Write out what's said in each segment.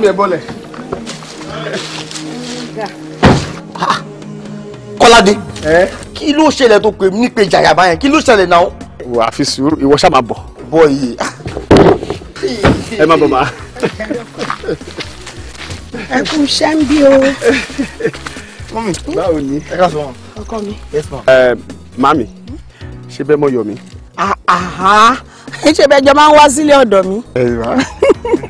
àmì ẹ̀ bọ́lẹ̀. kọ́ládé kí ló ṣẹlẹ̀ tó pè mí pé jàyàbá yẹn kí ló ṣẹlẹ̀ náà. wà á fi sùúrù ìwọ ṣáà máa bọ̀. bọ́ iye. ẹ má bọ̀ máa. ẹ kú iṣẹ́ ń bí o. mọ́mí hmm? báwo ni. ẹ ká sọ wọn. ọkọ mi. yes ma. ẹ màmí ṣé bẹ́ẹ̀ mọ̀ yọ̀ mí. àhà ah, ṣé bẹ́ẹ̀ jọ máa ń wá sílé ọ̀dọ̀ mi. ẹ yìí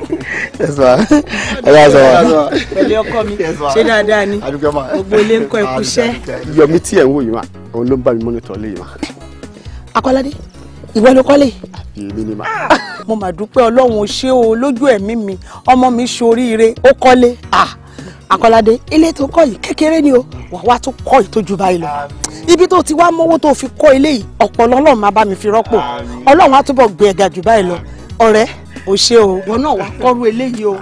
ẹ bá sọ wa. pẹ̀lú ọkọ mi ṣé dáadáa ni gbogbo ilé ń kọ́ ẹ̀kú iṣẹ́. yọmi tí ẹ̀ ń wò yìí mà òun ló ń bá mi mọ́nítọ̀ lé yìí mà. akọ́ládé ìwọ ló kọ́lé. èmi ni mà. Ah! mo mà dúpẹ́ ọlọ́run ó ṣé o lójú ẹ̀mí mi ọmọ mi ṣoríire ó kọ́lé. Ah! akọ́ládé ilé tó kọ́ yìí kékeré ni o wàá wá tún kọ́ ìtọ́jú báyìí lọ ibi tó ti wá mọ́wọ́ tó fi kọ́ ilé yìí ọ̀pọ̀ ọlọ́run máa bá mi fi rọ́pò ọlọ́run á túbọ̀ gbé ẹ̀gà jù báyìí lọ ọ̀rẹ́ o ṣe o wọn náà wàá kọrú eléyìí o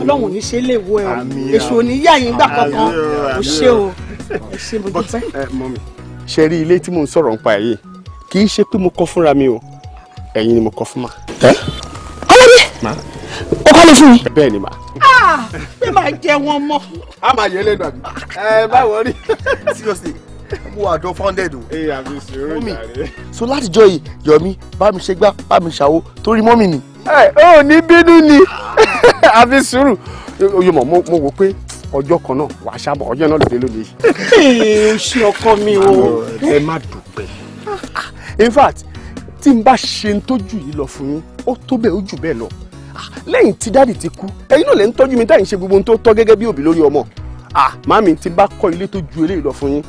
Ọlọ́run ò ní ṣe é lè wo ẹ o èso ò ní yá yín gbà kankan o ṣe o o ṣe mo dúpẹ́. ṣe rí ilé tí mò ń sọ̀rọ̀ nípa yìí kì í ṣe pé mo kọ́ fúnra mi o ẹ̀yin ni mo kọ́ fún ma. ọlọ́dẹ o kọ́ lè fún mi. bẹ́ẹ̀ ni ma. pé ah, máa jẹ wọn mọ́. a máa yẹ lẹ́nu àbí. ẹ báwo rí seriously mo àjọ founded o. ee àmì sùúrù jàre. so látijọ́ yìí yọ̀mí bá mi ṣe gbá bá mi ṣàwo torí mọ́mì ni ẹ ò ní bínú ni àfi sùúrù oyè mọ̀ mo wò pé ọjọ́ kan náà wàá ṣàbọ̀ ọjọ́ náà lòdì lónìí. o ṣe ọkọ mi o. ẹ má dùpẹ́ in fact tí n bá ṣe ń tójú yìí lọ fún yín ó tó bẹ́ẹ̀ ó jù bẹ́ẹ̀ lọ ah, lẹ́yìn tí dáàdì ti kú ẹ̀yin náà lè ń tọ́jú mi dáì ń ṣe gbogbo ohun tó tọ́ gẹ́gẹ́ bí òbí lórí ọmọ ah, màmí tí n bá kọ́ ilé tó ju eléyìí lọ fún yín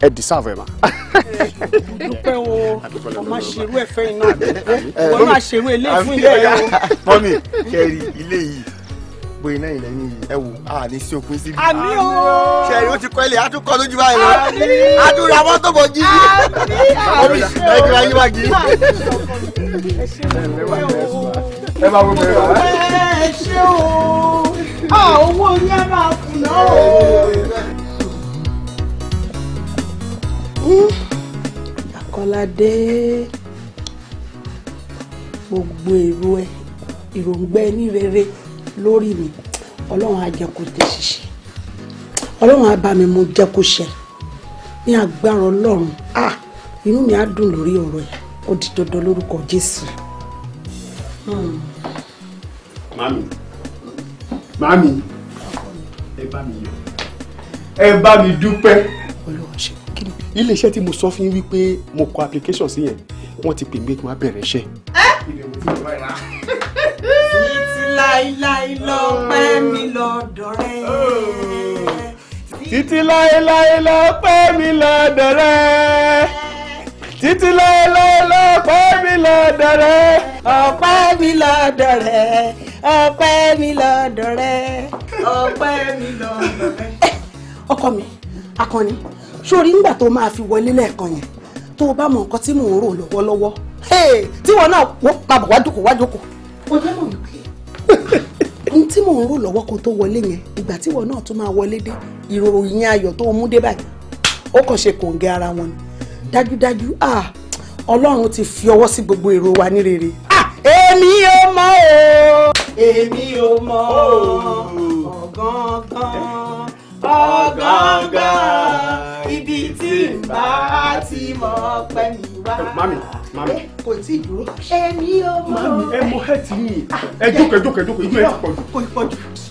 ẹ deserve ẹ ma. dúpẹ́ o ọmọ ṣerú ẹ̀fẹ́ iná wọn máa ṣerú ilé fún ilé ẹ o. mọ́mí kẹ́rì ilé yìí gbogbo iná ilẹ̀ ní yìí ẹ wò á ní sí òpin síbi. àmì o. sẹ́yìn ó ti kọ́ ilé àtúkọ́ lójú báyìí lọ. àdúrà wọn tó bọ̀ jí. omi ẹ kí wáyé wá gidi. ẹ máa wo bẹ̀rẹ̀ wá. ẹ ṣé o owó yẹn máa kùnà o. Akọ́ládé gbogbo èrò ẹ ìròǹgbà ẹni rere lórí mi ọlọ́run á jẹ́ kó tẹ ṣiṣẹ́ ọlọ́run á bá mi mú jẹ́ kó ṣẹ ní agbára ọlọ́run ah inú mi á dùn lórí ọ̀rọ̀ ẹ̀ ó di dandan lórúkọ jésù. mami hmm. mami ẹ bá mi yọ̀ ẹ bá mi dúpẹ́ iléeṣẹ́ tí mo sọ fún yín wípé mo kọ application sí yẹn wọ́n ti pè mí kí wọ́n bẹ̀rẹ̀ iṣẹ́. títí láéláé lọ pẹ́ mi lọ́dọ̀ rẹ̀. títí láéláé lọ pẹ́ mi lọ pẹ́ mi mi lọ́dọ̀ rẹ̀. ọpẹ́ mi lọ́dọ̀ rẹ̀. ọpẹ́ mi lọ́dọ̀ rẹ̀. ọkọ mi akọni sórí ńgbà tó máa fi wọlé lẹ́ẹ̀kan yẹn tó o bá mọ nǹkan tí mò ń rò lọ́wọ́lọ́wọ́ tí wọn náà wọ́n máa bọ̀ wá jókòó wá jókòó. mo jẹ́ mọ̀ lókè. ohun tí mò ń rò lọ́wọ́ kó tó wọlé yẹn ìgbà tí wọn náà tó máa wọlé dé ìròyìn ayọ̀ tó mú dé báyìí ó kàn ṣe kòǹgẹ́ ara wọn ni dájúdájú ọlọ́run ti fi ọwọ́ sí gbogbo èrò wa ní rere. èmi ò mọ̀ o èmi ò mọ̀ o oh. ọ̀gángán ọ̀gángán. tí n ti mọ pẹ́ mi wá. mami mami. Eh, kò tí ì dúró. èmi ò mọ. mami ẹ mọ hẹ́ẹ̀tì yìí ah, ẹ ẹ jókòó ẹ jókòó inú ẹ ti pọ̀ kò ì pọ̀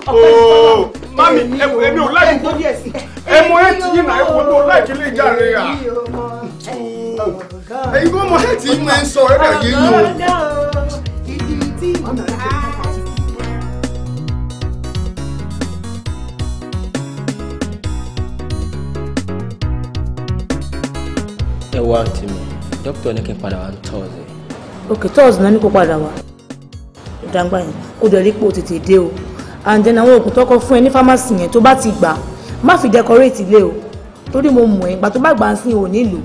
ooo oh, mami èmi ò láì kú ẹ mọ hẹ́ẹ̀tì yìí náà ẹ wo tó láì ìjà rẹ yà. ẹ̀yin kò mọ hẹ́ẹ̀tì yìí mọ ẹ sọ ẹ dẹ̀ yé yín o. ẹ wá àǹtí mi dókítà ní kí n padà wá ní tọ́ọ̀sì. ok tọ́ọ̀sì náà ní kó padà wá dàgbà yẹn kó dẹ̀ rí pé o tètè dé o and then àwọn oògùn tó fún ẹ ní fámásì yẹn tó bá ti gbà má fi decorate ilé o torí mo mọ̀ ẹ́ ìgbà tó bá gbà ń sìn ò nílò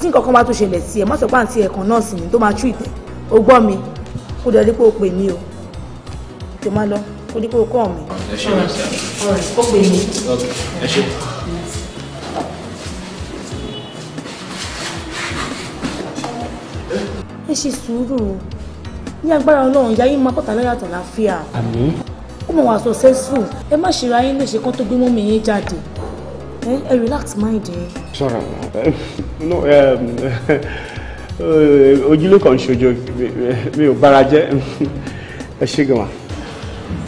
tí nǹkan kan bá tó ṣẹlẹ̀ sí ẹ má sọ pé àǹtí ẹ̀kan náà sì ni tó máa tú o gbọ́ mi kó dẹ̀ rí pé o pè mí o tó má lọ kó dí pé o kọ́ mi. ẹ ṣe é ṣe é ó pè mí. ẹ ṣe é. ẹ ṣe sùúrù o ní agbára ọlọ́run ìyá yín máa pọ̀tà láyàtọ̀ láfíà. àmín. ó mọ̀ wá successful ẹ má ṣe ra yín léṣe kán tó gbé mọ́mí yín jáde ẹ relax mind ẹ. sọ̀rọ̀ no ojúlé kan ṣojo mi ò bára jẹ́ ẹ ṣe gan wa.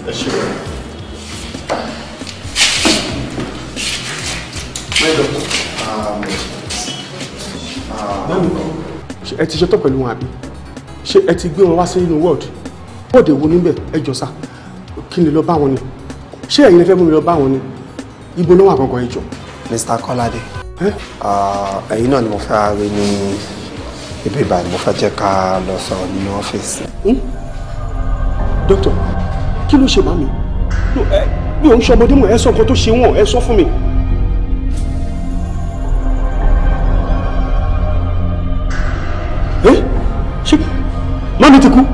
ẹ ṣe gan wa. ṣé ẹ ti ṣetán pẹ̀lú wọn àbí ṣé ẹ ti gbé wọn wá sí inú ward ward èwo níbẹ̀ ẹ jọ sá kí ni lọ bá wọn ni ṣé ẹ̀yin fẹ́ mú mi lọ bá wọn ni ibo ló wà gangan ẹ jọ. Mr. Kọ́ládé ẹ̀yin náà ni mo fẹ́ rí ní ibi ìbàdàn mo fẹ́ jẹ́ ká lọ sọ̀rọ̀ nínú ọ́fíìsì. Hmm? dókítà kí ló ṣe màmí mi ò ń ṣọmọdé mọ ẹ sọ nǹkan tó ṣe wọn ẹ sọ fún mi. mami tuku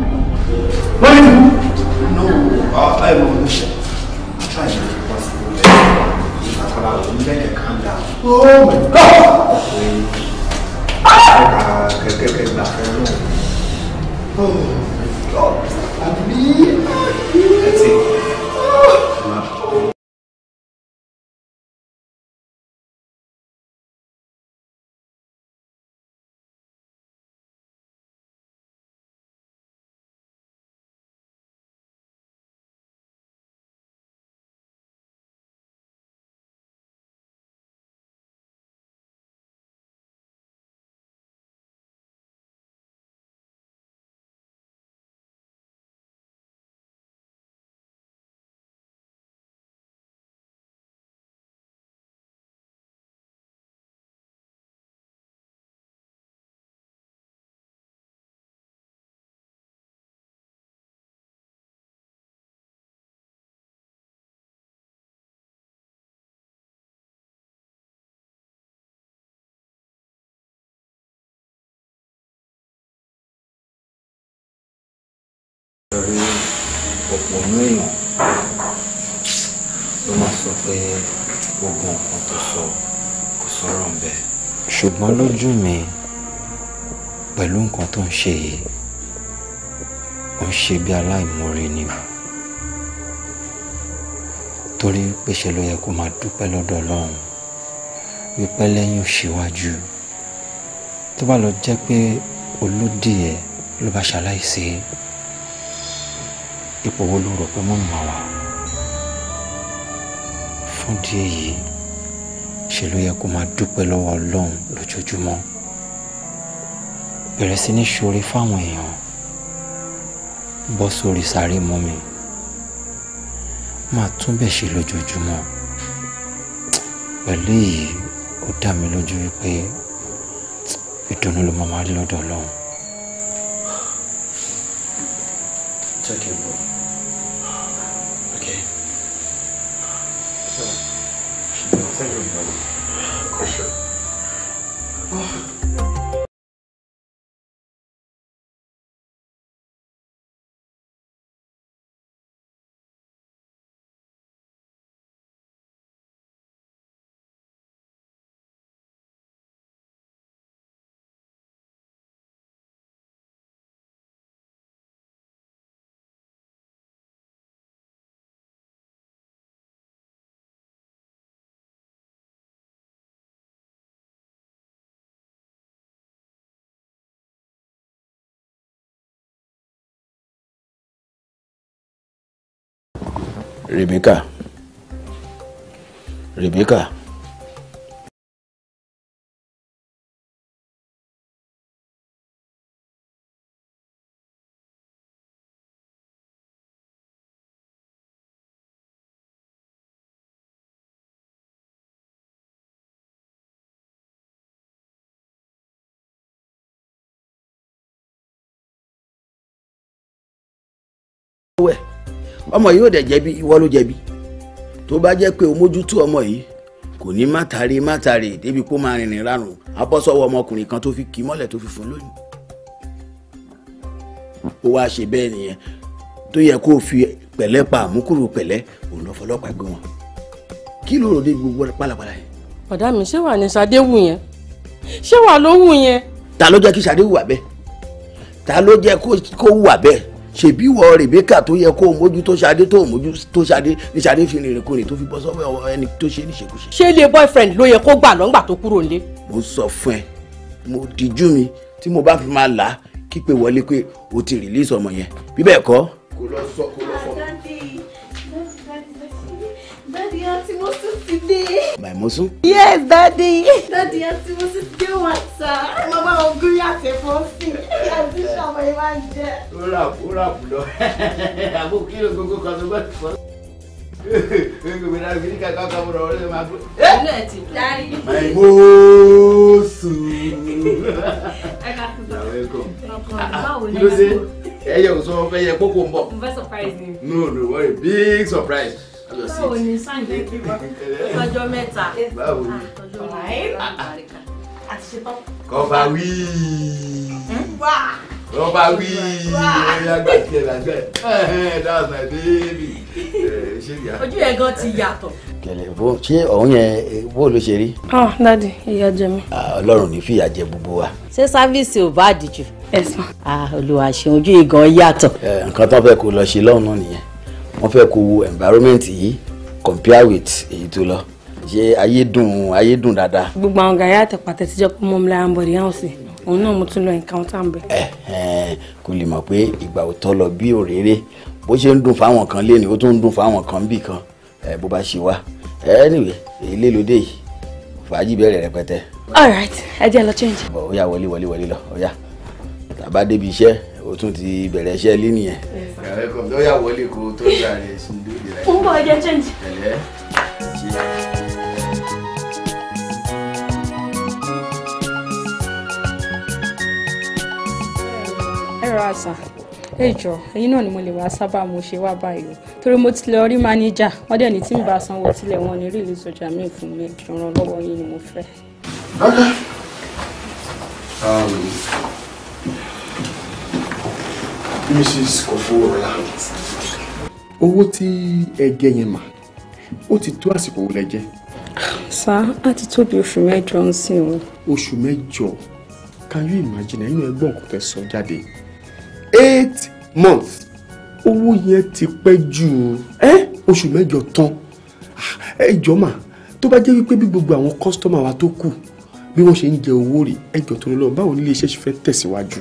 ọ̀pọ̀ nínú èèyàn ló máa sọ pé gbogbo nǹkan tó sọ kò sọ̀rọ̀ ń bẹ̀. ṣùgbọ́n lójú mi pẹ̀lú nǹkan tó ń ṣe yìí ó ń ṣe bí aláìmoore ni o torí péṣe ló yẹ kó máa dúpẹ́ lọ́dọ̀ ọlọ́run wípé lẹ́yìn òṣìwájú tó bá lọ jẹ́ pé olódì ló bá ṣaláìsí ipò wo ló rò pé mo máa wà fún díẹ̀ yìí ṣe ló yẹ kó máa dúpẹ́ lọ́wọ́ ọlọ́run lójoojúmọ́ bẹ̀rẹ̀ sí ní ṣoore fáwọn èèyàn bọ́ sórí sáré mọ́ mi máa tún bẹ̀ ṣe lójoojúmọ́ pẹ̀lú èyí ó dá mi lójú wípé ìdùnnú ló máa rí lọ́dọ̀ ọlọ́run. It's okay. for Sure. Rebecca Rebecca ọmọ yìí ò dẹ̀ jẹ̀bi ìwọ ló jẹ̀bi tó bá jẹ́ pé o mójútó ọmọ yìí kò ní mátàrí mátàrí débi kó máa rìnrìn rárùn abọ́sọ́wọ́ ọmọkùnrin kan tó fi kì í mọ́lẹ̀ tó fi fún lóyún ó wáá ṣe bẹ́ẹ̀ nìyẹn tó yẹ kó o fi pẹ̀lẹ́ pa àmúkúrò pẹ̀lẹ́ òun lọ fọlọ́pàá gbé wọn kí ló rò dé gbogbo pálapàla yẹn. bàdá mi ṣé wà ní Ṣadé wù yẹn ṣé wà ló wù yẹn. ta ló jẹ́ kí Ṣadé wà bẹ́ẹ̀ ta ló jẹ́ kó wù wà bẹ́ẹ̀ ṣèbí wọ Rebecca tó yẹ kó o mójú tó ṣadé tó o mójú tó ṣadé ní ṣadé fi rìnrìn kúrìn tó fi bọ́ sọ́wọ́ ẹni tó ṣe níṣekúṣe. ṣé ilé boyfriend ló yẹ kó gbà lọ́ngbà tó kúrò nílé. mo sọ fún ẹ mo dijú mi tí mo bá fi máa là á kí pé wọlé pé o ti release ọmọ yẹn bí kọ́. kò lọ sọ kò lọ sọ today. By Mosu? Yes, Daddy. Daddy, I see ti dé wà sá. I'm bá to gúrí àtẹ̀fọ́ sí. Àti ṣàmọ̀ ìwà jẹ. Ó ràpù ó ràpù lọ. Àbò kí ló gbogbo kan tó bá ti fọ́. Gbogbo ìdáná kìíní kankan kan mo rọ̀ ọ́ lọ́dọ̀ máa gbó. Ìlú ẹ̀ ti dárí. By Mosu. Ẹ ká kú sọ. Báwo ni ẹ bá kú? Ẹ yẹ surprise No no worry big surprise báwo ni Sunday kọba wíì kọba wíì ẹyà gbàgbé làgbẹ that's my baby eh, ṣé ìyá. ojú ẹ̀ gan ti yàtọ̀. kẹlẹ bó ṣé òun yẹn eh, bó ló ṣe rí. ọ ah, dadi ìyà jẹ mi. Ah, Ọlọ́run ní fìyà jẹ gbogbo wa. ṣé sáfíìsì ò bá àdìjú. ẹ̀sán. Ah, olùwàṣẹ́ ojú ìgan yàtọ̀. Eh, nǹkan tó fẹ́ kó lọ ṣe lọ́hùn nìyẹn wọ́n fẹ́ kó environment yìí compare with èyí tó lọ ṣe ayédùn ayédùn dáadáa. gbogbo àwọn gàyà àtẹ̀pàtẹ tíjọ́ pé mọ́ mi lára ń bọ̀ díyàwó sí òun náà mo tún lọ nǹkan tá kò lè mọ̀ pé ìgbà òótọ́ lọ bí òréré bó ṣe ń dùn fáwọn kan lé ó tún ń dùn fáwọn kan bì kan bó bá ṣe wá ẹ anyway èyí lè lóde yìí fàájì bẹ̀rẹ̀ rẹpẹtẹ. all right ẹ jẹ́ lọ change. ó yá wọlé wọlé wọlé lọ ó yá tàbá débi iṣẹ́ o tún ti bẹ̀rẹ̀ iṣẹ́ ilé nìyẹn. ẹ̀rẹ́ kan lọ́ọ̀yà wọlé kó tó gba rẹ̀ sí lóde rẹ̀. ń bọ̀ ẹ jẹ́ change. ẹ̀lẹ́ ṣe. ẹ̀rọ àṣà ẹjọ ẹ̀yin náà ni mo lè wá sábà mo ṣe wá báyìí torí mo ti rí mánéjà wọn dẹ̀ ní tí n bá sanwó tilẹ̀ wọn ní rí sọjà míì fún mi ìrànlọ́wọ́ yín ni mo fẹ́. Mrs. Koforola. owó tí ẹ jẹ yẹn mà ó ti tó àsìkò wo jẹ. sá a ti tó oṣù mẹ́jọ ń sìn o. oṣù mẹ́jọ can you imagine ẹ̀yin ẹ̀gbọ́n kò fẹ́ sọ jáde eight months owó yẹn ti pẹ́ jù ẹ́ oṣù mẹ́jọ tán ah, ẹ jọ mà tó bá jẹ́ wípé bí gbogbo àwọn kọ́sítọ́mà wa tó kù bí wọ́n ṣe ń jẹ owó rẹ̀ ẹ jọ tó lọ báwo nílé iṣẹ́ ṣe fẹ́ tẹ̀síwájú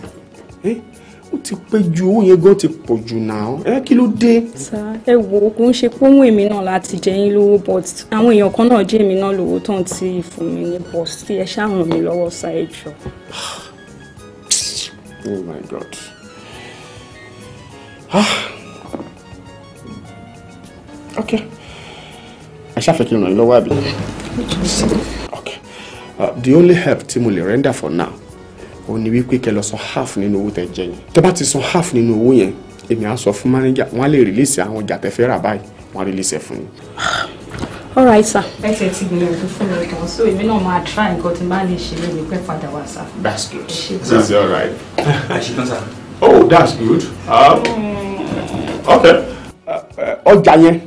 ó ti pẹ́ ju owó yẹn gan ti pọ̀ jù náà ẹ kí ló dé. sá ẹ wo kò ń ṣe pọ́nwó èmi náà láti jẹ yín lówó but àwọn èèyàn kan náà jẹ́ èmi náà lówó tán ti fún mi ní bọ́s tí ẹ ṣàrùn mi lọ́wọ́ sá ẹ jọ. oh my god. Ah. okay aṣáfẹ́ kí n ràn yín lọ́wọ́ àbí. okay uh, the only help tí mo lè render for now òun ni wípé kẹ́ lọ san half nínú owó tẹ́ jẹ yẹn tẹ́ bá ti san half nínú owó yẹn èmi à sọ fún mánéjà wọn á lè rìlíìsì àwọn ọjà tẹ́ fẹ́ rà báyìí wọn á rìlíìsì ẹ fún mi. all right sir. ẹ tẹ ti gbìyànjú fún mi kan so èmi náà máa try nǹkan tí n bá lè ṣe lónìí pẹ́ padà wá sá. that's good this all right. àṣìkan sá. oh that's good. Um, okay. Uh, ọjà yẹn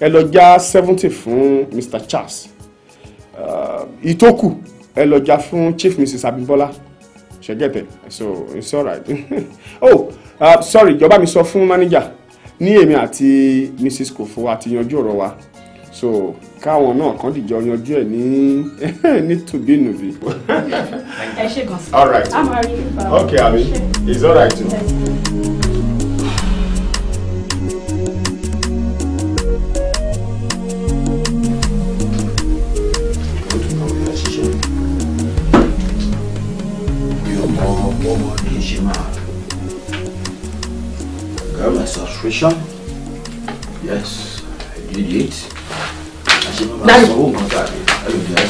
ẹ lọ já seventy fún mr charles uh, ìtókù ẹ lọ já fún chief mrs abimbola ṣe get it so it's alright oh uh, sorry ìjọba mi sọ fún manager ní èmi àti mrs kofo àti yanjú ọ̀rọ̀ wa so káwọn náà kàn dìjọ yanjú ẹ̀ ní ní tùbínùbí. ẹ ṣe gan sí. all right. okay abi it's all right too. láì ẹ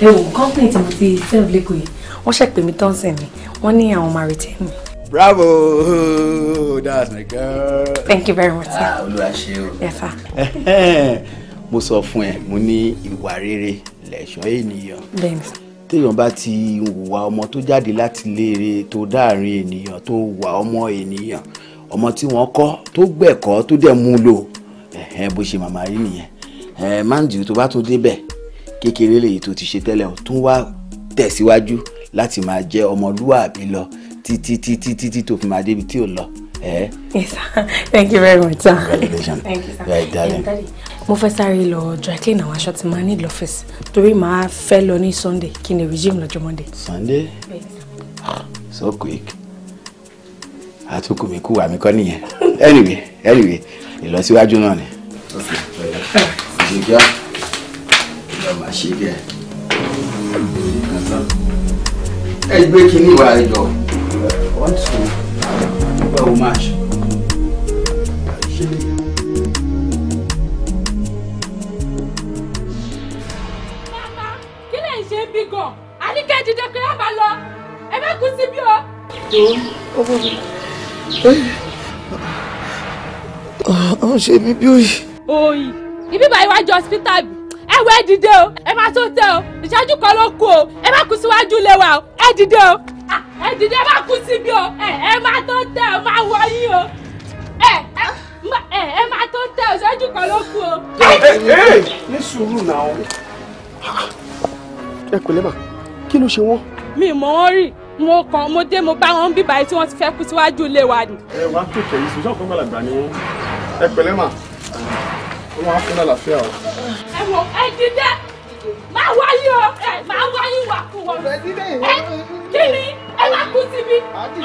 wò kọ́ńpìn tí mo ti sẹ́ẹ̀f lẹ́kọ̀ọ́ yìí wọ́n ṣẹ̀ pè mí tán sẹ̀ mi wọ́n ní àwọn máa mi. bravo oh, that's my girl. thank you very much. Ah, olúwa ṣe o. yes sir. mo sọ fún ẹ mo ní ìwà rere lẹ̀ṣọ́ ènìyàn. bẹ́ẹ̀ni. téèyàn bá ti wùwà ọmọ tó jáde láti léèrè tó dáàrin ènìyàn tó wà ọmọ ènìyàn ọmọ tí wọ́n kọ́ tó gbẹ̀kọ́ tó dẹ̀ mú lò bó ṣe màmá rí nìyẹn ẹ tó bá tún débẹ̀ kékeré lèyí tó ti ṣe tẹ́lẹ̀ ò tún wá tẹ̀síwájú láti máa jẹ́ ọmọlúwàbí lọ títí títí títí tó fi máa débi tí ò lọ. yes thank you very much sir. congratulations thank you sir. right darling. mo fẹ́ sáré lọ dry clean àwọn aṣọ tí màá ní lọ́fẹ̀sì torí màá fẹ́ lọ ní sunday kí n lè resume lọ́jọ́ monday. sunday ah, so quick àtúkùmí kú àmì kọ́ nìyẹn anyway anyway ìlọsíwájú náà ni. Okay ṣe kíá ìjọ máa ṣe kẹ ẹ gbé kínní wa ẹ jọ one two ọgbẹ́ wo máa ṣe. ó ń ṣe mí bí òyì. òyì ibi báyìí wájú hospital bi ẹ wọ ẹ dìde o ẹ má tó tẹ o ìṣáájú kan ló kú o ẹ má kú síwájú ilé wa o ẹ dìde o ẹ dìde ẹ má kú síbi o ẹ má tó tẹ o má wọ yín o ẹ ẹ má tó tẹ o ìṣáájú kan ló kú o. ẹ ẹ ní sùúrù náà ẹ pẹ̀lẹ́ mà kí ló ṣe wọ́n. mi mọ̀ wọ́n rí mo kàn mo dé mo bá wọn bíbá yìí tí wọ́n ti fẹ́ kú síwájú ilé wa ni. ẹ wàá tó tẹ yìí sọ gbàlagbà ni wọn ẹ pẹ̀lẹ́ ó máa fún lálàáfíà o. ẹ wọ ẹ dídẹ máa wáyé o ẹ máa wáyé wà kú wọn. ẹ kí ni ẹ máa kú síbi. kí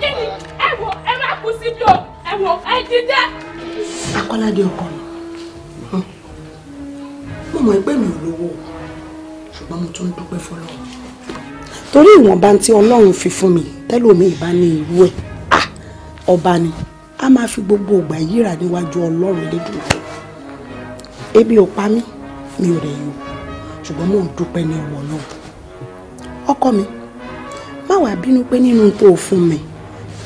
ni ẹ wọ ẹ máa kú síbi o ẹ wọ ẹ dídẹ. akọ́ládé ọkọ mi mo mọ̀ pé mi ò lówó ṣùgbọ́n mo tún dúpẹ́ fọlọ́run torí ìwọ̀nba tí ọlọ́run fi fún mi tẹ́lómi ìbá ní ìlú ẹ̀ ah! ọba ni. Ah, a máa fi gbogbo ìgbà yíra níwájú ọlọ́run lédùnúfẹ́ ebi ò pa mí mi ò rẹ̀ yìí o ṣùgbọ́n mò ń dúpẹ́ ní ọwọ́ náà ọkọ mi má wàá bínú pé nínú tó o fún mi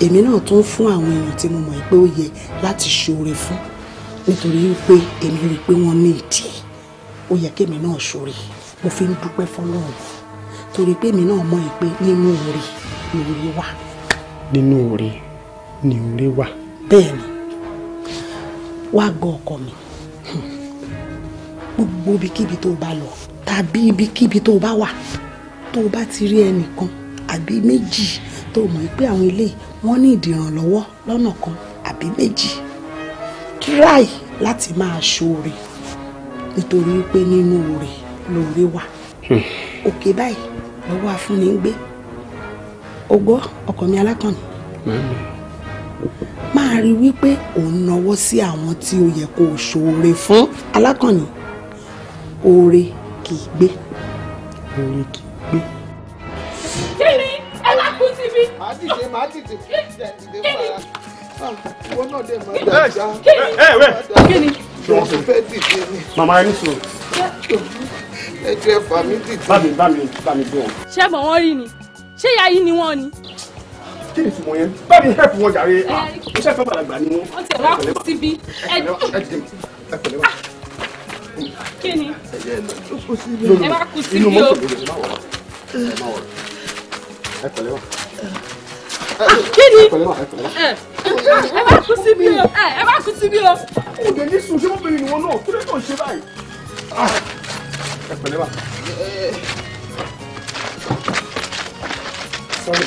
èmi náà tún fún àwọn èèyàn tí mo mọ̀ pé ó yẹ láti ṣoore fún nítorí pé èmi rí i pé wọ́n ní ìdí ó yẹ kémi náà ṣoore mo fi ń dúpẹ́ fọlọ́run torí pé èmi náà mọ̀ pé nínú oore ni oore wà. nínú oore ni oore wà bẹ́ẹ̀ ni wá gbọ́ ọkọ mi gbogbo ibikíbi tó bá lọ tàbí ibikíbi tó bá wà tó bá ti rí ẹnìkan àbí méjì tó mọ̀ pé àwọn eléyìí wọ́n ní ìdìrànlọ́wọ́ lọ́nà kan àbí méjì try láti máa ṣoore nítorí pé nínú oore lóore wà hmm. òkè báyìí lọ́wọ́ afúnni ń gbé ogbó ọkọ mi alákànnì máa rí wípé òun náwó sí àwọn tí ó yẹ kó ṣoore fún alákànní oore kì í gbé oore kì í gbé. kí ni ẹ wá kú sí mi. màá dìde màá dìde dìde fara ah, ìwọ náà dé màá dàgbà. kí ni jọ fẹ́ dìde ni. màmá ẹni sọ. ẹ jẹ́ fàmí dìde. bá mi bá mi bá mi dùn. ṣé mọ̀ wọ́n rí ni ṣé ìyá yìí ni wọ́n ni kí ni tùmọ̀ yẹn bá mi help wọn jàre ah, eh, iṣẹ́ fẹ́ bàlágbà ni wọ́n. wọ́n ti wá kú síbi. Ah, kí ni ẹ wá eh, kú síbi o. kí eh, ni ẹ wá kú síbi o ẹ wá kú síbi o. mo dé ní sùn ṣé wọ́n bẹ̀rẹ̀ ìwọ náà kí ló ń ṣe báyìí. Ah, ẹ pẹ̀lẹ́ wa. Sorry,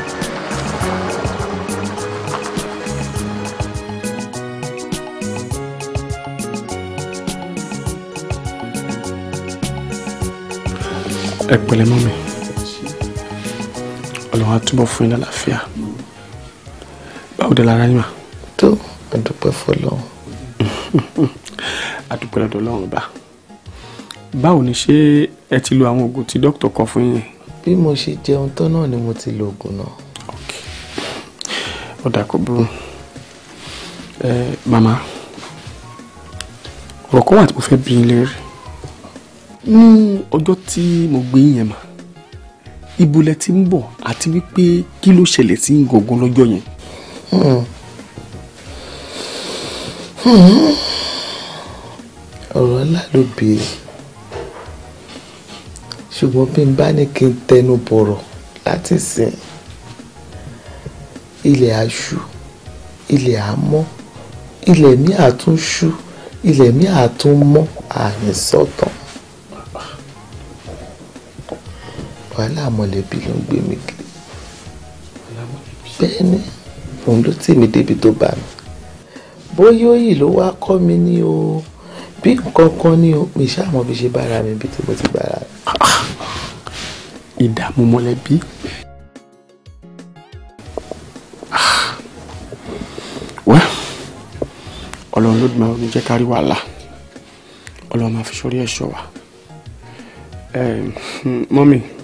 ẹ pẹ̀lẹ́ mọ́ mi Ọlọ́run á túbọ̀ fún yín lálàáfíà báwo dé lára yín mà. tó àdúpẹ́ fọlọ́run. àdúpẹ́ lọ́dọ̀ Ọlọ́run bá báwo ni ṣé ẹ ti lo àwọn oògùn tí dókítà kọ fún yín. bí mo ṣe jẹun tán náà ni mo ti lo oògùn náà. ok ó dà kó burú ẹ màmá ọ̀rọ̀ kan wà tí mo fẹ́ bi yín léèrè ní ọjọ́ tí mo gbé yẹn mà ibo lẹ ti ń bọ̀ àti wípé kí ló ṣẹlẹ̀ sí gangan lọ́jọ́ yẹn. ọ̀rọ̀ ńlá ló béèrè ṣùgbọ́n bí n bá ní kí n tẹnu bọ̀rọ̀ láti sìn ilẹ̀ aṣù ilẹ̀ àmọ́ ilẹ̀ mi àtúnṣú ilẹ̀ mi àtúnmọ́ àyẹ̀sọ̀tàn. wàhálà mọ̀lẹ́bí ló ń gbé mi kiri bẹ́ẹ̀ ni òun ló tì mí débi tó bá mi bóyá òyì ló wá kọ́ mi ní o bí nǹkan kan ní o mi ṣáà mọ̀ bí ṣe bára mi bí tí mo ti bára mi. ìdààmú mọ̀lẹ́bí. ọlọ́run ló máa ń jẹ́ kárí wàhálà ọlọ́run máa fi sórí ẹ̀ṣọ́ wa mọ́mì. Um,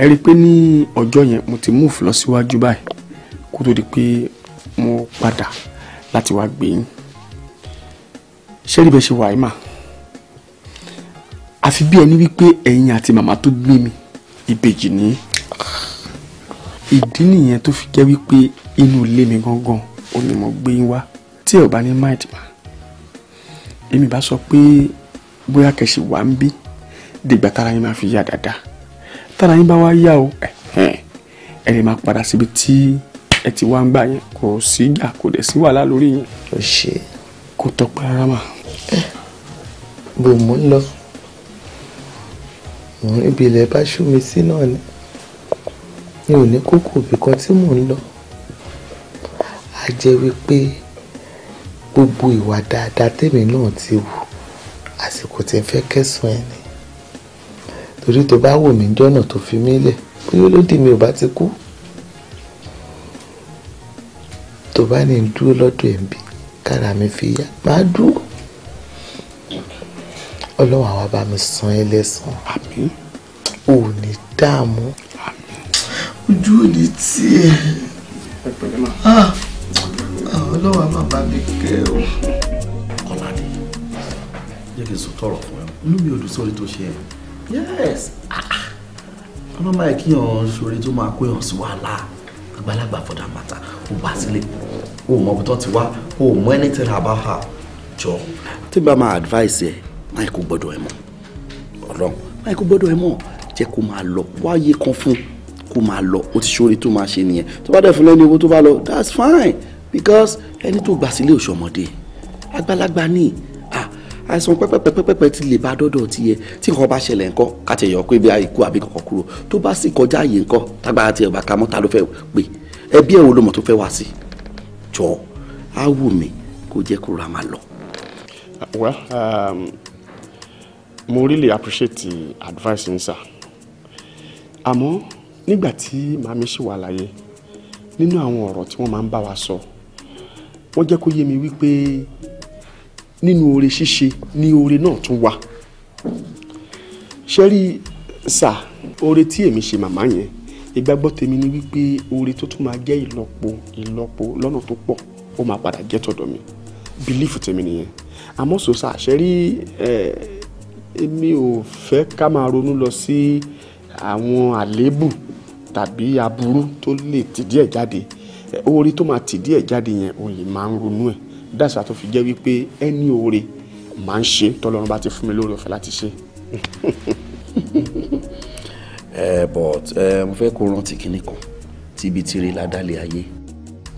ẹ rí i pé ní ọjọ́ yẹn mo ti múùfù lọ síwájú báyìí kó tó di pé mo padà láti wá gbé yín ṣé rí bẹ́ẹ̀ ṣe wà yìí mà àfi bí ẹni wípé ẹ̀yin àti màmá tó gbé mi ìbejì ní ìdí nìyẹn tó fi jẹ́ wípé inú ilé mi gangan ò ní mo gbé yín wá tí ẹ ò bá ní mind mà èmi bá sọ pé bóyá kẹ̀sì wà ń bí dìgbà tára yín máa fi yá dáadáa tára yín bá wá yá o ẹ lè máa padà síbi tí ẹ ti wá ń gbà yẹn kò sí ìjà kò dẹ̀ sí wàhálà lórí yẹn. ó ṣe kò tọpẹ rárá mà. bò mò ń lọ mò ń ibi ilẹ̀ bá ṣú mi sí náà ni mi ò ní kókò òbí tí mò ń lọ a jẹ́ wípé gbogbo ìwà dáadáa tèmi náà ti wù àsìkò tí n fẹ́ kẹsàn-án ẹni torí tó bá wò mí jọ́nà tó fi mí lẹ̀ bóyá olódì mi ò bá ti kú tó bá ní dúró lọ́dọ̀ ẹ̀ ń bí kára mi fi yá máa dúró ọlọ́run àwa bá mi san ẹ lẹ́sàn àmín ò ní dààmú ojú ò ní tiẹ̀ ah, ah, ọlọ́run àmà bá mi kẹ́ ọ. kọ́lá jẹ́ kí n sọ tọrọ fún ẹ inú mi ò dùn sórí tó ṣe ẹ́ yes ọlọ́run máa kí hàn ṣòro tó máa kó hàn sí wàhálà àgbàlagbà for that matter ó wá sílé ó mọ ibi tó ti wá ó mọ anything about her jọ tí bá máa advice ẹ máa kó gbọ́dọ̀ ẹ mọ̀ ọlọ́run máa kó gbọ́dọ̀ ẹ mọ̀ jẹ́ kó máa lọ wáyé kan fún kó máa lọ ó ti ṣòro tó máa ṣe nìyẹn tó bá dẹ̀ fún lẹ́ni owó tó bá lọ that's fine because ẹni tó gbà sílé òṣọmọdé àgbàlagbà ni àìsàn pẹ́pẹ́pẹ́pẹ́pẹ́ ti lè bá dọ́dọ̀ tiẹ̀ tí nǹkan bá ṣẹlẹ̀ ńkọ́ kàtẹ̀yọ̀ pé bí ikú àbí kankan kúrò tó bá sì kọjá àyè ńkọ́ tágbára tiẹ̀ bá ka mọ́ta ló fẹ́ pè ẹbí ẹ̀ wo ló mọ̀ tó fẹ́ wá sí jọ á wù mí kó jẹ́ kó ra máa lọ. well um, mo really appreciate the advice yín sir àmọ́ nígbà tí màmí ṣì wà láyé nínú àwọn ọ̀rọ̀ tí wọ́n máa ń bá wa sọ wọ́n jẹ́ kó yé mi wípé nínú oore ṣíṣe ni oore náà tún wà ṣe rí sà oore tí èmi ṣe màmá yẹn ìgbàgbọ́ tèmi ni wípé oore tó tún máa jẹ́ ìlọ́po ìlọ́po lọ́nà tó pọ̀ ó máa padà jẹ́ tọ̀dọ̀ mi bílífù tèmi nìyẹn àmọ́ sòsà ṣe rí èmi ò fẹ́ ká máa ronú lọ sí àwọn àléébù tàbí aburú tó lè tìdí ẹ̀ jáde oore tó máa tìdí ẹ̀ jáde yẹn òun lè máa ronú ẹ̀ dàsà tó fi jẹ́ wípé ẹni oore màá ń ṣe tọ́lọ́run bá ti fún mi lórí ọ̀fẹ́ láti ṣe. ẹ eh, but ẹ eh, mo fẹ́ kó rántí kinní kan tíbi tire ládàlẹ̀ ayé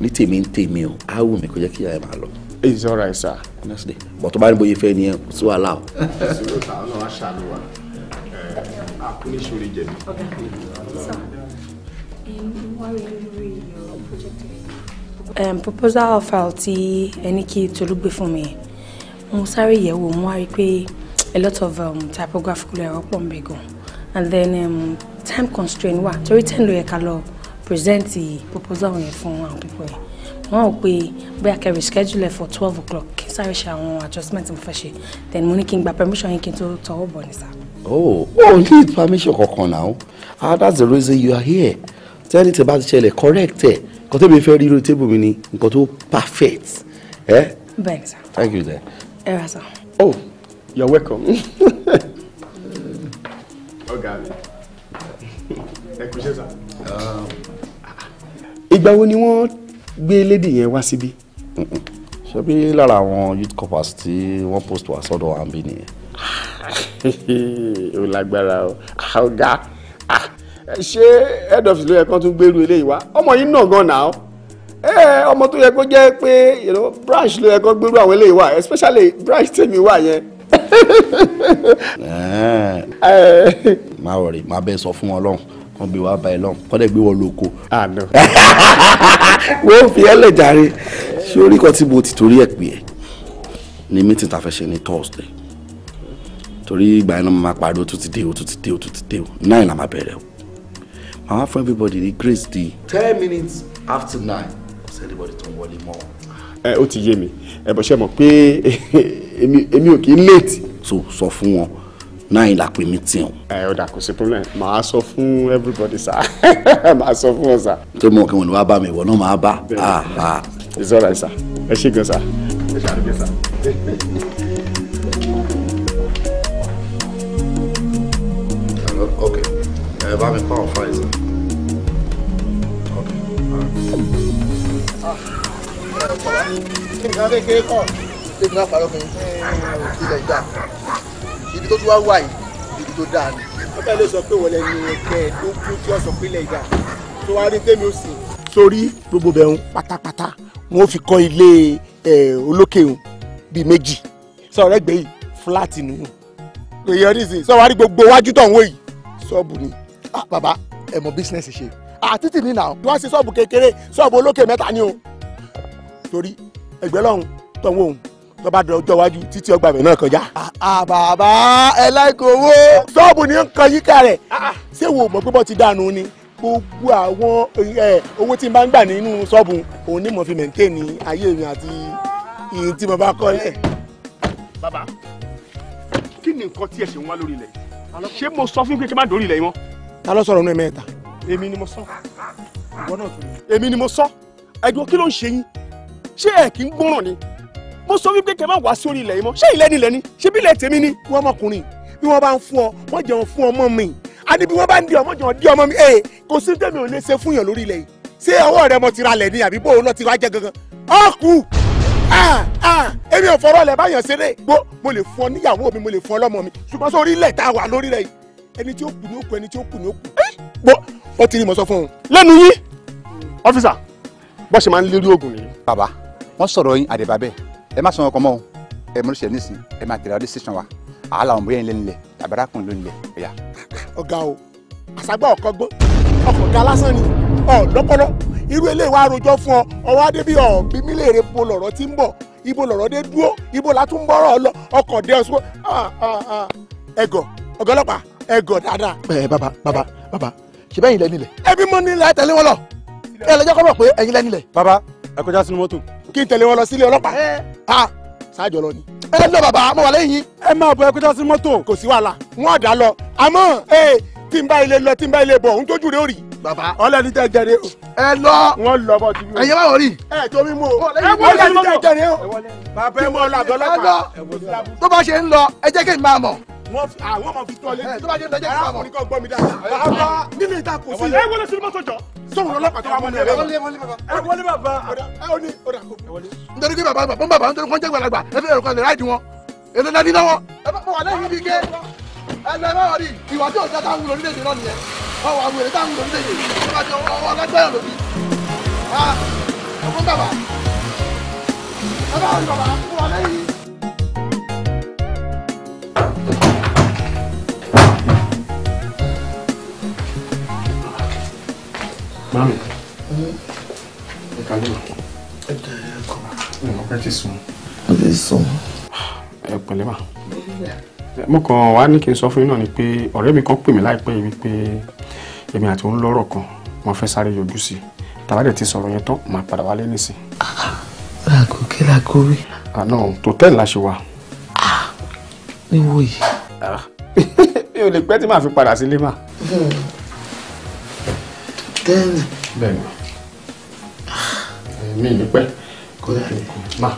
ní tèmi ń tèmi o á wù mí kó jẹ́ kí ẹ máa lọ. it's alright sir. Next day. but tó bá ní bóyá ìfẹ́ ni ẹ kò sí wàhálà o. ìṣòro tààrà náà ṣàlù wa àkúnníṣòro jẹ̀bi. ọ̀gá sọ ẹ̀ ń wá rí lórí um, proposal file tí ẹni to Tolú gbé fún mi mo sáré yẹ̀wò mo wá rí a lot of um, typographical error pọ̀ ń bẹ and then um, time constraint wà To ten ló yẹ ká lọ present proposal yẹn fún àwọn pípọ̀ yẹn wọn ò pé bóyá reschedule for twelve o'clock kí n sáré ṣe àwọn adjustment mo fẹ́ ṣe then mo ní kí gba permission yín kí to tó tọwọ́ bọ̀ ní sá. oh oh need permission kankan now ah that's the reason you are here Tell it about ti ṣẹlẹ̀ correct ẹ̀. Eh? nǹkan tẹ́mi fẹ́ rí lórí tébù mi ni nǹkan tó perfect. Eh? bẹ́ẹ̀ni sá. thank you sir. ẹ ra sá. oh you are welcome. ọ̀gá mi ẹ kú iṣẹ́ sá. Um, ìgbà wo ni wọ́n gbé lady yẹn wá síbí. ṣé bí lára àwọn youth corpers tí wọ́n post wá sọ́dọ̀ àmì nìyẹn. ó lágbára o ọ̀gá ah, ṣé head office ló yẹ kán tún gbèrú eléyìí wá ọmọ yìí náà gan náà ẹ ọmọ tó yẹ kó jẹ́ pé branch ló yẹ kán gbèrú àwọn eléyìí wá especially branch tèmi wà yẹn. má wọrí má bẹ́ẹ̀ sọ fún wọn lọ́hùn kan bí wàá ba ẹ lọ́hùn kọ́dẹ̀ gbé wọn lóko. àná wọ́n fi ẹ́ ṣé orí kan tí mo ti torí ẹ̀ pè é ní meeting ta fẹ́ ṣe ní Thursday torí ìgbà yẹn náà mo máa parí o ti dé o tún ti dé o tún ti dé o náà ìlànà bẹ̀rẹ̀ o àwọn fún everybody ní grace di. ten minutes after nine kò sẹ́nibọ́dì tó ń wọlé mọ́. ẹ ó ti yé mi ẹ bọ̀ ṣe mọ̀ pé èmi ò kì í late. so sọ fún wọn nine la pe meeting o. ẹ ọ̀dà kò sí problem màá sọ fún everybody sir màá sọ fún wọn sir. tó mọ̀ kí wọn ni wàá bá mi ìwọ náà màá bá. Ah, ah. it's alright sir ẹ ṣé gan sir. ẹ ṣàdúgbò sir. okay ẹ bá mi pa ọ̀ fáìsì. kí nìkan kékeré kọ̀ kí nìkan fàlọ́ fún ilẹ̀ ìjà ibi tó tún wá wà yìí ibi tó dáa ni. ọ̀tá ló sọ pé wọlé ni kẹẹ̀ẹ́dógún tí ọ̀sán pínlẹ̀ ìjà tó wá rí tèmi ó sì. sórí gbogbo bẹ̀rùn pátápátá wọn ò fi kọ́ ilé olókè bíi méjì sọ̀rọ̀ ẹgbẹ́ yìí fúláàtì nìyẹn kò yẹ ọ́ nísìnyí sọ wá rí gbogbo wájú tó ń wò yìí ṣọ́ọ̀bù ni ah, bàbá ẹ̀ mọ bísínẹ́sì ṣe àtìtì ní nà wọ́n ṣe ṣọ́ọ̀bù kékeré ṣọ́ọ̀bù olókè mẹ́ta ni o torí ẹgbẹ́ lọ́hùn tọ́wọ́ òun tó bá dọ̀ ọjọ́ iwájú títí ọgbà mi náà kọjá. àbàbà ah, ah, ẹ láìkò owó. ṣọ́ọ̀bù ni ń kan yíká rẹ̀ ah, ṣé wo mọ̀ pé bọ́ ti dànù ni gbogbo àwọn owó tí n bá ń gbà nínú ṣọ́ọ̀bù òun ni mo fi mẹ̀ńtẹ́ẹ̀nì ayé mi àti ìyìn tí mo bá kọ́ lẹ̀. bàbá kí ni nǹkan tí ẹ ṣe ń wá lórí ilẹ̀ ṣé mo sọ fún pé kí n má dórí ilẹ̀ yìí mọ́. ta ló sọ̀rọ̀ nínú ẹ̀ èmi ni mo sọ ìwọ náà tún ni. èmi ni mo sọ ẹjọ kí ló ń ṣe yín ṣé ẹ kì í gbọ́ràn ni mo sọ wípé kẹ má wá sí orí ilẹ̀ yìí mọ́ ṣé ilẹ̀ ni ilẹ̀ ni ṣé bí ilẹ̀ tèmi ni wọ́n ọmọkùnrin bí wọ́n bá ń fún ọ wọ́n jẹun fún ọmọ mi àní bí wọ́n bá ń di ọmọ jẹun di ọmọ mi ee kò sí tèmi ò lè ṣe fún yàn lórí ilẹ̀ yìí ṣé ọwọ́ rẹ mo ti ra lẹ̀ ni àbí bó o lọ ti ra jẹ gangan ọkù ah, ah, èmi ò fọ̀rọ̀ lẹ̀ báyàn ṣeré mo lè fún ọ níyàwó mo lè fún ọ lọ́mọ mi ṣùgbọ́n sórí ilẹ̀ tá a wà lórí ilẹ̀ yìí ẹni tí wọ́n ti rí mọ́ sọ fún un. lẹ́nu yín ọ́fíìsà bọ́ ṣe máa ń lérí oògùn nìyí. bàbá wọn sọ̀rọ̀ yín àdèbà bẹ́ẹ̀ ẹ má sọ̀rọ̀ ọkọ mọ́ o ẹ mọ̀ ṣe nísìn ẹ máa tẹ̀lé ọdún sísan wa àhàlà àwọn bóyá ilé nílẹ̀ tàbára kùn ló nílẹ̀ ẹ̀yà. ọ̀gá o àṣàgbà ọ̀kọ́ gbọ́ ọkọ̀ ga lásán ni ọ̀ lọ́pọ̀lọ́ irú eléyìí wàá rojọ́ fún ọ ọwọ́ adé bí ọ̀bí mílèrè bo lọ̀rọ̀ tí ń bọ̀ ibo lọ̀rọ̀ dé dúró ibo látún bọ́rọ̀ lọ ọkọ̀ dé ọ̀ṣun ah, ah, ah. ẹ̀gọ̀ ọ̀gá ọlọ́pàá ẹ̀gọ̀ dáadáa. ẹ bàbá bàbá bàbá ṣe bẹ́yìn lẹ́nilẹ̀ ẹbí mo nílẹ̀ tẹ̀lé wọn lọ ẹ lọ́jọ́ kọ́ mọ̀ pé ẹ̀yin lẹ́nilẹ̀. bàbá ẹ kọjá sínú mọ́tò. kí n tẹ̀lé wọn lọ sílé ọlọ́pàá. a ṣáàjọ lọ ni. ẹ lọ bàbá mo wà lẹ́yìn. ẹ máa bọ ẹ kọjá sínú mọ́tò. kò sí wàhálà wọn àdá lọ àmọ́ ee tí n bá ilé lọ tí n bá ilé bọ̀ ń tójú rẹ ó rí. bàbá ọlẹ́ni tẹ jẹrẹ o. ẹ lọ wọn lọ bọ tí mi. ẹyẹ bá wọ rí. ẹ tó mi mú o. ọlẹ́ni tẹ jẹrẹ o. bàbá ẹ mọ ọlọ àgọ́ ọlọ́pàá. tó bá ṣe ń lọ ẹ jẹ́ wọ́n àwọn ọmọ fi tọ́lé arákùnrin kan gbọ́ mi dáadáa. bàbá nínú ìta kò sí. ẹ wọlé sinimá sọjọ. sọ̀rọ̀ ọlọ́pàá tó wà mọ́ni ẹ̀rọ. ẹ wọlé bàbá. ẹ ní ọ̀dà kò. nítorí pé bàbá bàbá bàbá nítorí kó ń jẹ́ gbàlagbà ẹ fẹ́ ẹ̀rọ kan lè ráàdì wọn. èlò náà ní náwó. ẹ bá wà lẹ́yìn ibi ike. ẹ lọ ẹ má wọrí ìwà tí òjá táwọn wúlò nílẹ̀ náà nìyẹn. Mami, mm-hmm. ẹ kàlẹ́ mọ̀. Ẹ jẹ́ ẹ̀kọ́. Ìmọ̀ pẹ́ ti sùn. Ó ti sùn. Ẹ pẹ̀lẹ́ mà. Mo kàn wá ní kí n sọ fún yín náà ni pé ọ̀rẹ́ mi kan pè mí láìpẹ́ yìí wípé èmi àti òun lọ́rọ̀ kan wọ́n fẹ́ sáré yọjú sí i. Tàbá dẹ̀ ti sọ̀rọ̀ yẹn tán, màá padà wálé nísìn. Làgò kí làgò rí. Àná tòtẹ́ẹ̀lì la ṣe wà. Ah, níwò yìí. Ah. Mi ò lè pẹ́ tí màá fi padà sílé mà then. bẹ́ẹ̀ ma ah, èmi ní pẹ́ kó dà ní kò má.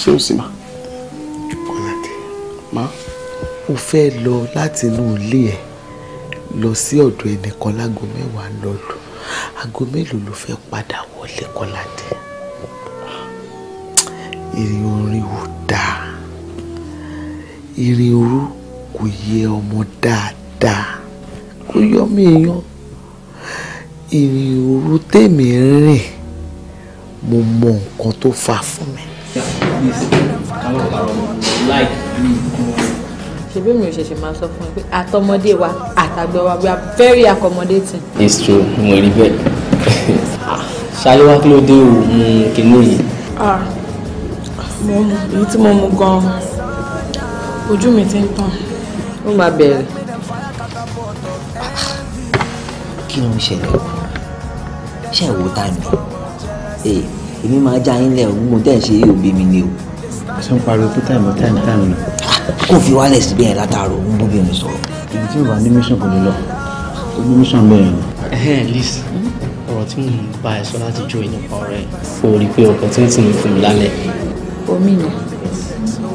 ṣé o sì ma. ma. o fẹ́ lọ láti inú ilé ẹ̀ lọ sí ọ̀dọ̀ ẹnìkan láago mẹ́wàá lọ́lù aago mélòó ló fẹ́ padà wọlé kọ́ládé ìrìn orin ò dáa irin oró kò yẹ ọmọ dáadáa kò yọ mí èèyàn irin oró tèmi rìn mo mọ nǹkan tó fà fún mi. ṣebí mi ò ṣẹ̀ṣẹ̀ máa sọ fún ẹ pé àtọmọdé wa àtàgbà wa we are very accommodating. it's true mo rí bẹ́ẹ̀ ṣáyé wá kí ló dé òun kìnìún yìí. Ah, mo mu èyí tí mo mu gan-an ojú mi ti ń tàn. ó máa bẹ̀rẹ̀. kí ló ń ṣẹlẹ̀ ṣe ìwò tá a nù èmi máa já yín lẹ́yìn ogun tẹ̀ ń ṣe òbí mi ni o. ṣé ń pariwo pé táìmù táìmù táìmù nù. kò fi wálẹ̀ síbẹ̀ yẹn látàárọ̀ ń bú bèmi sọ̀rọ̀. ibi tí o bá ní mission kò lè lọ o ní mission bẹ́ẹ̀ ni. ẹhẹn Liz ọ̀rọ̀ tí mò ń bá ẹ sọ láti jó ìyẹn pa ọ̀rẹ́ o rí i pé opportunity mi fún mi lálẹ́. omi ni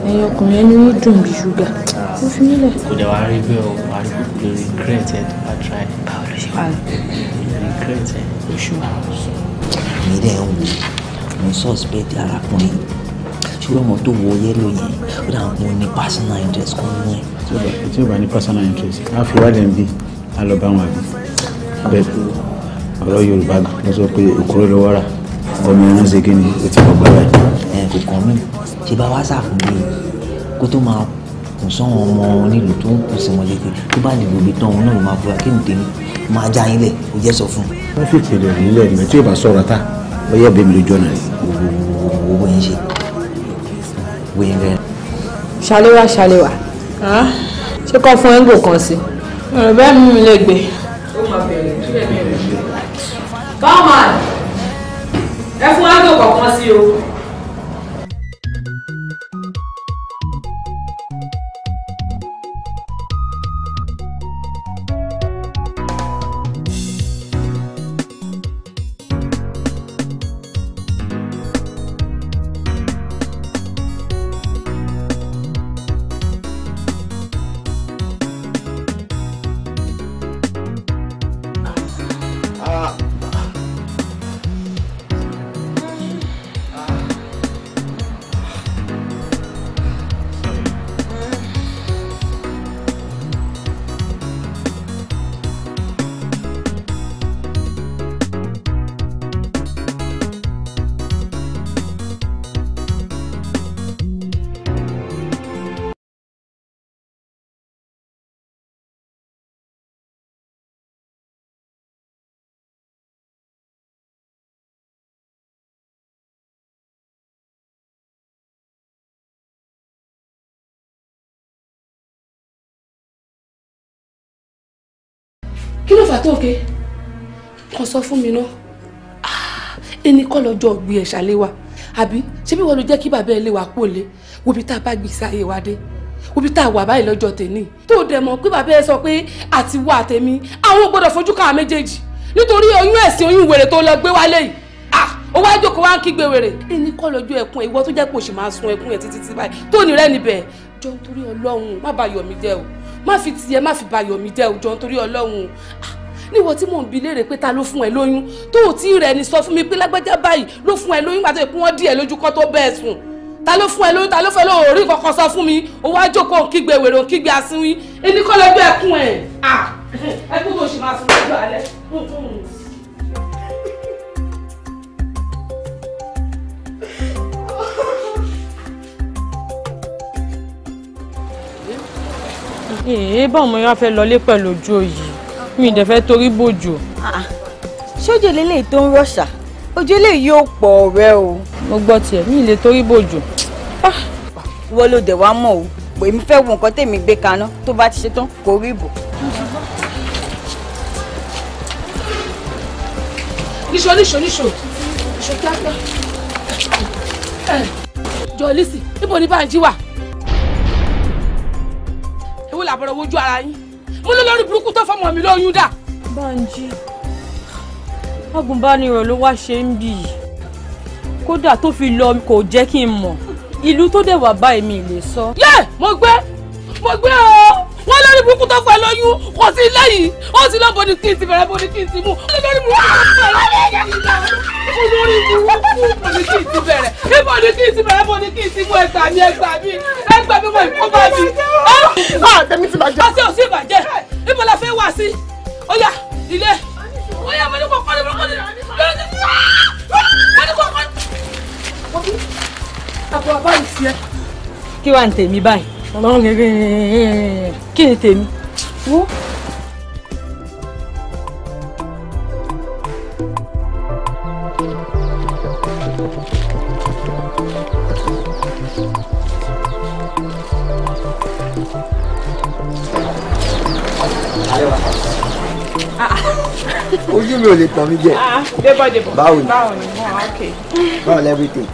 ẹ̀yin ọkùnrin ẹni rí dùn bí ṣúgà ó fi nílẹ̀. kò dẹ̀ wá rí bẹ́ẹ̀ o wà rí kókò lórí regret ẹ̀ tó bá try ẹ̀. báwo ló ṣe mi dẹ̀ ń wò mo suspect arákùnrin ṣùgbọ́n mo tó wo yẹ́lò yẹn ó dà mo ní personal interest kan mú ẹ. tí o bá ní personal interest á fi wá dẹ̀m a lọ bá wọn àbí bẹ́ẹ̀ ọ̀rọ̀ Yorùbá ló sọ pé òkúrò lọ́wọ́ rà ọmọ ẹran ṣe kí ni o ti kọ́ gbọ́dọ̀ ẹ̀ kò kàn mí ṣe bá wá sáà fún mi kó tó máa kùn sọ́wọ́n ọmọ onílù tó ń kù sí wọn jẹ́kẹ́ tó bá lè gbòbí tán òun náà ló máa búra kí ni tèmi máa já yín lẹ̀ kò jẹ́ sọ fún un. wọ́n fi tèlè rìn nílẹ̀ ìgbà tí yóò bá sọ̀rọ̀ ta ó yẹ bẹ́ẹ̀ mi lójú ọ̀nà rẹ̀. owó yẹn ṣe owó yẹn rẹ̀. ṣàlẹ́wà ṣàlẹ́wà ṣé kọ́ fún ẹ́ńgò kan sí i ọ̀rọ̀ bẹ́ẹ̀ mi tó ké kàn sọ fún mi náà ah, ẹni kọ́ lọ́jọ́ ọ̀gbìn ẹ̀ṣálé wa àbí ṣé bí wọ́n ló jẹ́ kí bàbá ẹ lè wá kó lé wòbí tá a bá gbèsè àyè wa dé wòbí tá a wà báyìí lọ́jọ́ tèmi tó dẹ̀ mọ̀ pé bàbá ẹ sọ pé àti wà tèmi àwọn gbọ́dọ̀ fojú kan méjèèjì nítorí oyún ẹ̀sìn oyún wèrè tó lọ gbé wálé yìí ah, ó wá jókòó wá ń kígbe wèrè ẹni kọ́ lọ́jọ́ ẹkún ìwọ tó jẹ́ kó sì máa sun ẹkún yẹn títí tí báyìí tó ní rẹ́ níbẹ̀ jọ nítorí ọlọ́run má bà yọ̀ mí jẹ́ o má fi tiẹ̀ má fi bà yọ̀ mí jẹ́ o jọ nítorí ọlọ́run ah níwọ tí mò ń bi léèrè pé ta ló fún ẹ lóyún tó ò tí rẹ ni sọ fún mi pé lágbájá báyìí ló fún ẹ lóyún gbàtọ́ ìpín díẹ̀ lójú kan tó bẹ́ẹ̀ sùn ta ló fún ẹ lóyún ta ló fẹ́ lóò rí kankan sọ fún mi ó wá jókòó òǹkígbe wèrè òǹkígbe àsínwín ẹni kọ́ lọ́jọ́ ẹkún ẹ̀ ẹkún tó ṣì máa sùn lọ́jọ́ alẹ́. èé mo yá fẹ́ lọlé pẹ̀lú ojú òyì mi ì dẹ̀ fẹ́ torí bòjò. ṣójú lélẹ̀ tó ń rọ̀ṣà ojú lè yóò pọ̀ ọ̀rẹ́ o. mo gbọ́ tiẹ̀ mi ì lè torí bòjò. Ah. wọ́n ló dẹ̀ wá mọ̀ o pé mi fẹ́ wo nǹkan tèmi gbé kaná tó bá ti ṣe tán kò rí ìbò. níṣó níṣó níṣó níṣó kíákíá eh, jọ̀ọ́ lísì níbo ni bá jí wà. ewu làbọ̀rọ̀ wojú ara yín mo ló lórí burúkú tó fọmọ mi lóyún dà. Bánjí agùnbánirọ̀ ló wá ṣe ń bì yìí kódà tó fi lọ kò jẹ́ kí n mọ̀ ìlú tó dẹ̀ wà báyìí mi lè sọ. yé mo gbé mo gbé o wọ́n lórí burúkú tó fẹ́ lóyún kò sí lẹ́yìn ó sì lọ́bọ̀ ní kí n ti bẹ̀rẹ̀ bọ̀ kí n ti mú lórí burúkú tó fẹ́ lórí burúkú bọ̀ ní kí n ti bẹ̀rẹ̀ ibọ̀ ní kí n ti bẹ̀rẹ̀ bọ̀ ní kí n ti mú ẹgbà mi ẹgbà mi ẹgbà mi mọ̀ ìkó bá mi. àtẹ̀mí ti bàjẹ́. ọtí ò sí ìbàjẹ́ ibò la fẹ́ wá sí ó yá ilé ó yá mo ní kọ́kọ́ ní mo ní kọ́kọ́ ní. kí wàá ń tèmi báyìí ọlọ́run kí ni tèmi wó. ojú mi ò lè tàn mí jẹ. Ah, báwo ni báwo ni ah, everything.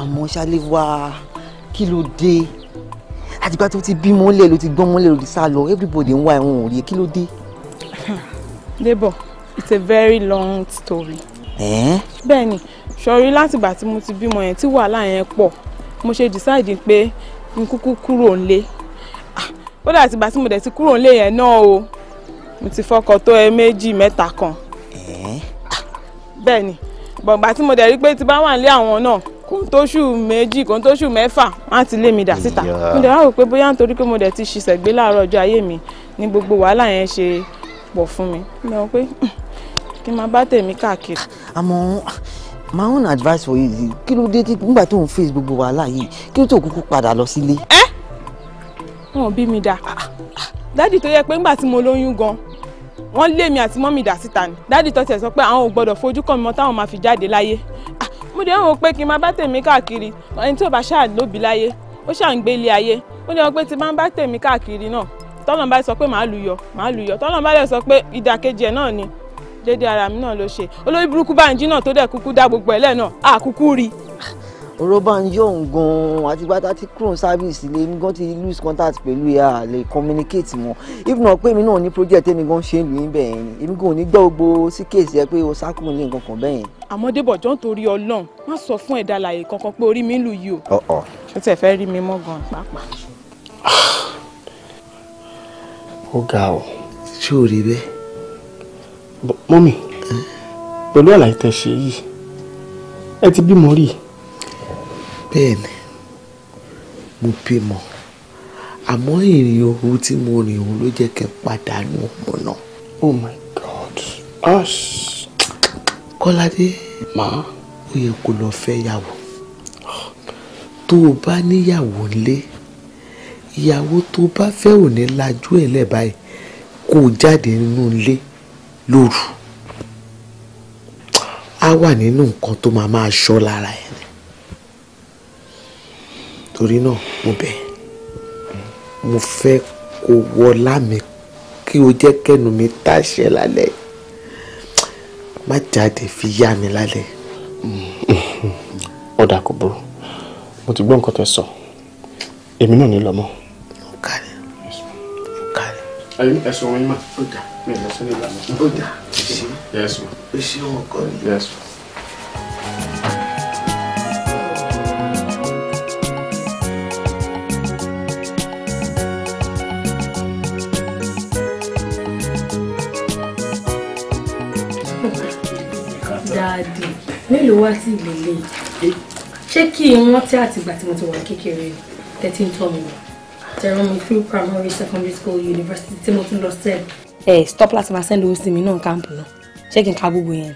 àmọ́ ṣáléwá kí ló dé àtìgbà tó ti bímọ ńlẹ̀ ló ti gbọ́n mọ́lẹ̀ ló ti sá lọ everybody ń wá ẹ̀wọ̀n òrìẹ kí ló dé. débọ̀ it's a very long story. bẹ́ẹ̀ ni sọ̀rí látìgbà tí mo ti bímọ yẹn tí wàhálà yẹn pọ̀ mo ṣe decide pé n kúkú kúrò ńlé kódà ah, àtìgbà tí mo dẹ̀ ti kúrò ńlé yẹn náà o mo ti fọkọ tó ẹ méjì mẹ́ta kan. Ah, bẹ́ẹ̀ ni bọ̀ǹgbà tí mo dẹ̀ rí pé ti bá wà nílé àwọn náà kò ń tóṣù méjì kò ń tóṣù mẹ́fà wọ́n ti lé mi dà síta mo dẹ̀ ráwò pé bóyá nítorí pé mo dẹ̀ ti ṣiṣẹ́ gbé láàárọ̀ ọjọ́ ayé mi ni gbogbo wàhálà yẹn ṣe pọ̀ fún mi mo rò pé hmm, kí n máa bá tèmi káàkiri. àmọ́ my own advice for you kí ló dé nígbà tó ń face gbogbo wàhálà yìí kí ló tó kúkú padà lọ sílé. ẹ wọn ò bí mi dà dádì tó yẹ pé ńgbà tí mo lóyún gan wọ́n lé mi àti mọ́mì dà síta ni dádì tó tiẹ̀ sọ pé àwọn ò gbọ́dọ̀ fojú kàn mí mọ́ táwọn máa fi jáde láyé ah, mo dẹ̀ ń wò pé kí n máa bá tèmi káàkiri ẹni tí ò bá ṣáà lóbi láyé ó ṣáà ń gbé ilé ayé mo dẹ̀ ń wò pé tí máa ń bá tèmi káàkiri náà tọ́lọ́n bá sọ pé màá lu yọ màá lu yọ tọ́lọ́n bá dẹ̀ sọ pé ìdàkejì ẹ̀ náà ni dédé ara mi náà ló ṣe olórí burúkú bá ń jí náà tó dẹ̀ kúkú dá gbogbo ẹ̀ lẹ́ẹ̀ náà àkúkú rí i ọ̀rọ̀ bá ń yọ̀ ń gan-an àtìgbà tá a ti mi gan ti lose contact pẹ̀lú ẹ̀ lè communicate mọ́ even náà pé èmi náà ní project èmi gan ṣe ń lù yín bẹ́ẹ̀ yẹn èmi gan ò ní gbọ́ gbogbo sí kéèsì ẹ pé o sákùn ní nǹkan kan bẹ́ẹ̀ yẹn. àmọ́ débọ̀ jọ́ ń má sọ fún ẹ̀dá àlàyé kankan pé orí mi ń lù yìí o. ṣé tẹ̀ fẹ́ rí mi mọ́ gan pàápàá. ó ga ọ ṣé ò rí bẹ́ẹ̀. mọ́mì pẹ̀lú àlàyé tẹ̀ ṣe yìí ẹ ti bímọ rí i bẹ́ẹ̀ni mo bímọ àmọ́ ìrìn òru tí mo rìn òun ló jẹ́ kí n pàdánù ọmọ náà. oh my god ash. kọ́ládé ma, ó yẹ kó lọ fẹ́ yàwó tó o bá níyàwó ńlé ìyàwó tó o bá fẹ́ ò ní lajú ẹ̀ lẹ̀ báyìí kó o jáde nínú ilé lóru á wà nínú nǹkan tó máa máa ṣọ́ lára ẹ̀ torí náà mo bẹ̀ mo fẹ́ kó wọlá mi kí o jẹ́ kẹ́nu mi táṣẹ lálẹ́ má jáde fi yá mi lálẹ́. ọ̀dà kò burú mo ti gbọ́ nǹkan tẹ́ sọ èmi náà ní lọ́mọ. ọ̀kàlẹ̀ ọ̀kàlẹ̀. ayé ẹ̀sùn wọn yín mà ó dà mí ẹ̀sùn ní ìlànà ó dà ẹ̀sùn ẹ̀sùn ọkọ mi. ẹ̀sùn. dáàdì mélòó wá sí ìlélẹ̀ ṣé kí n rántí àtìgbà tí mo ti wà kékeré thirteen tọ́mi tẹ̀rọ mi through primary secondary school university tí mo tún lọ sẹ́ẹ̀. ẹ stop láti máa sẹ́ndì owó sí mi náà káàmpù náà ṣé kí n ka gbogbo yẹn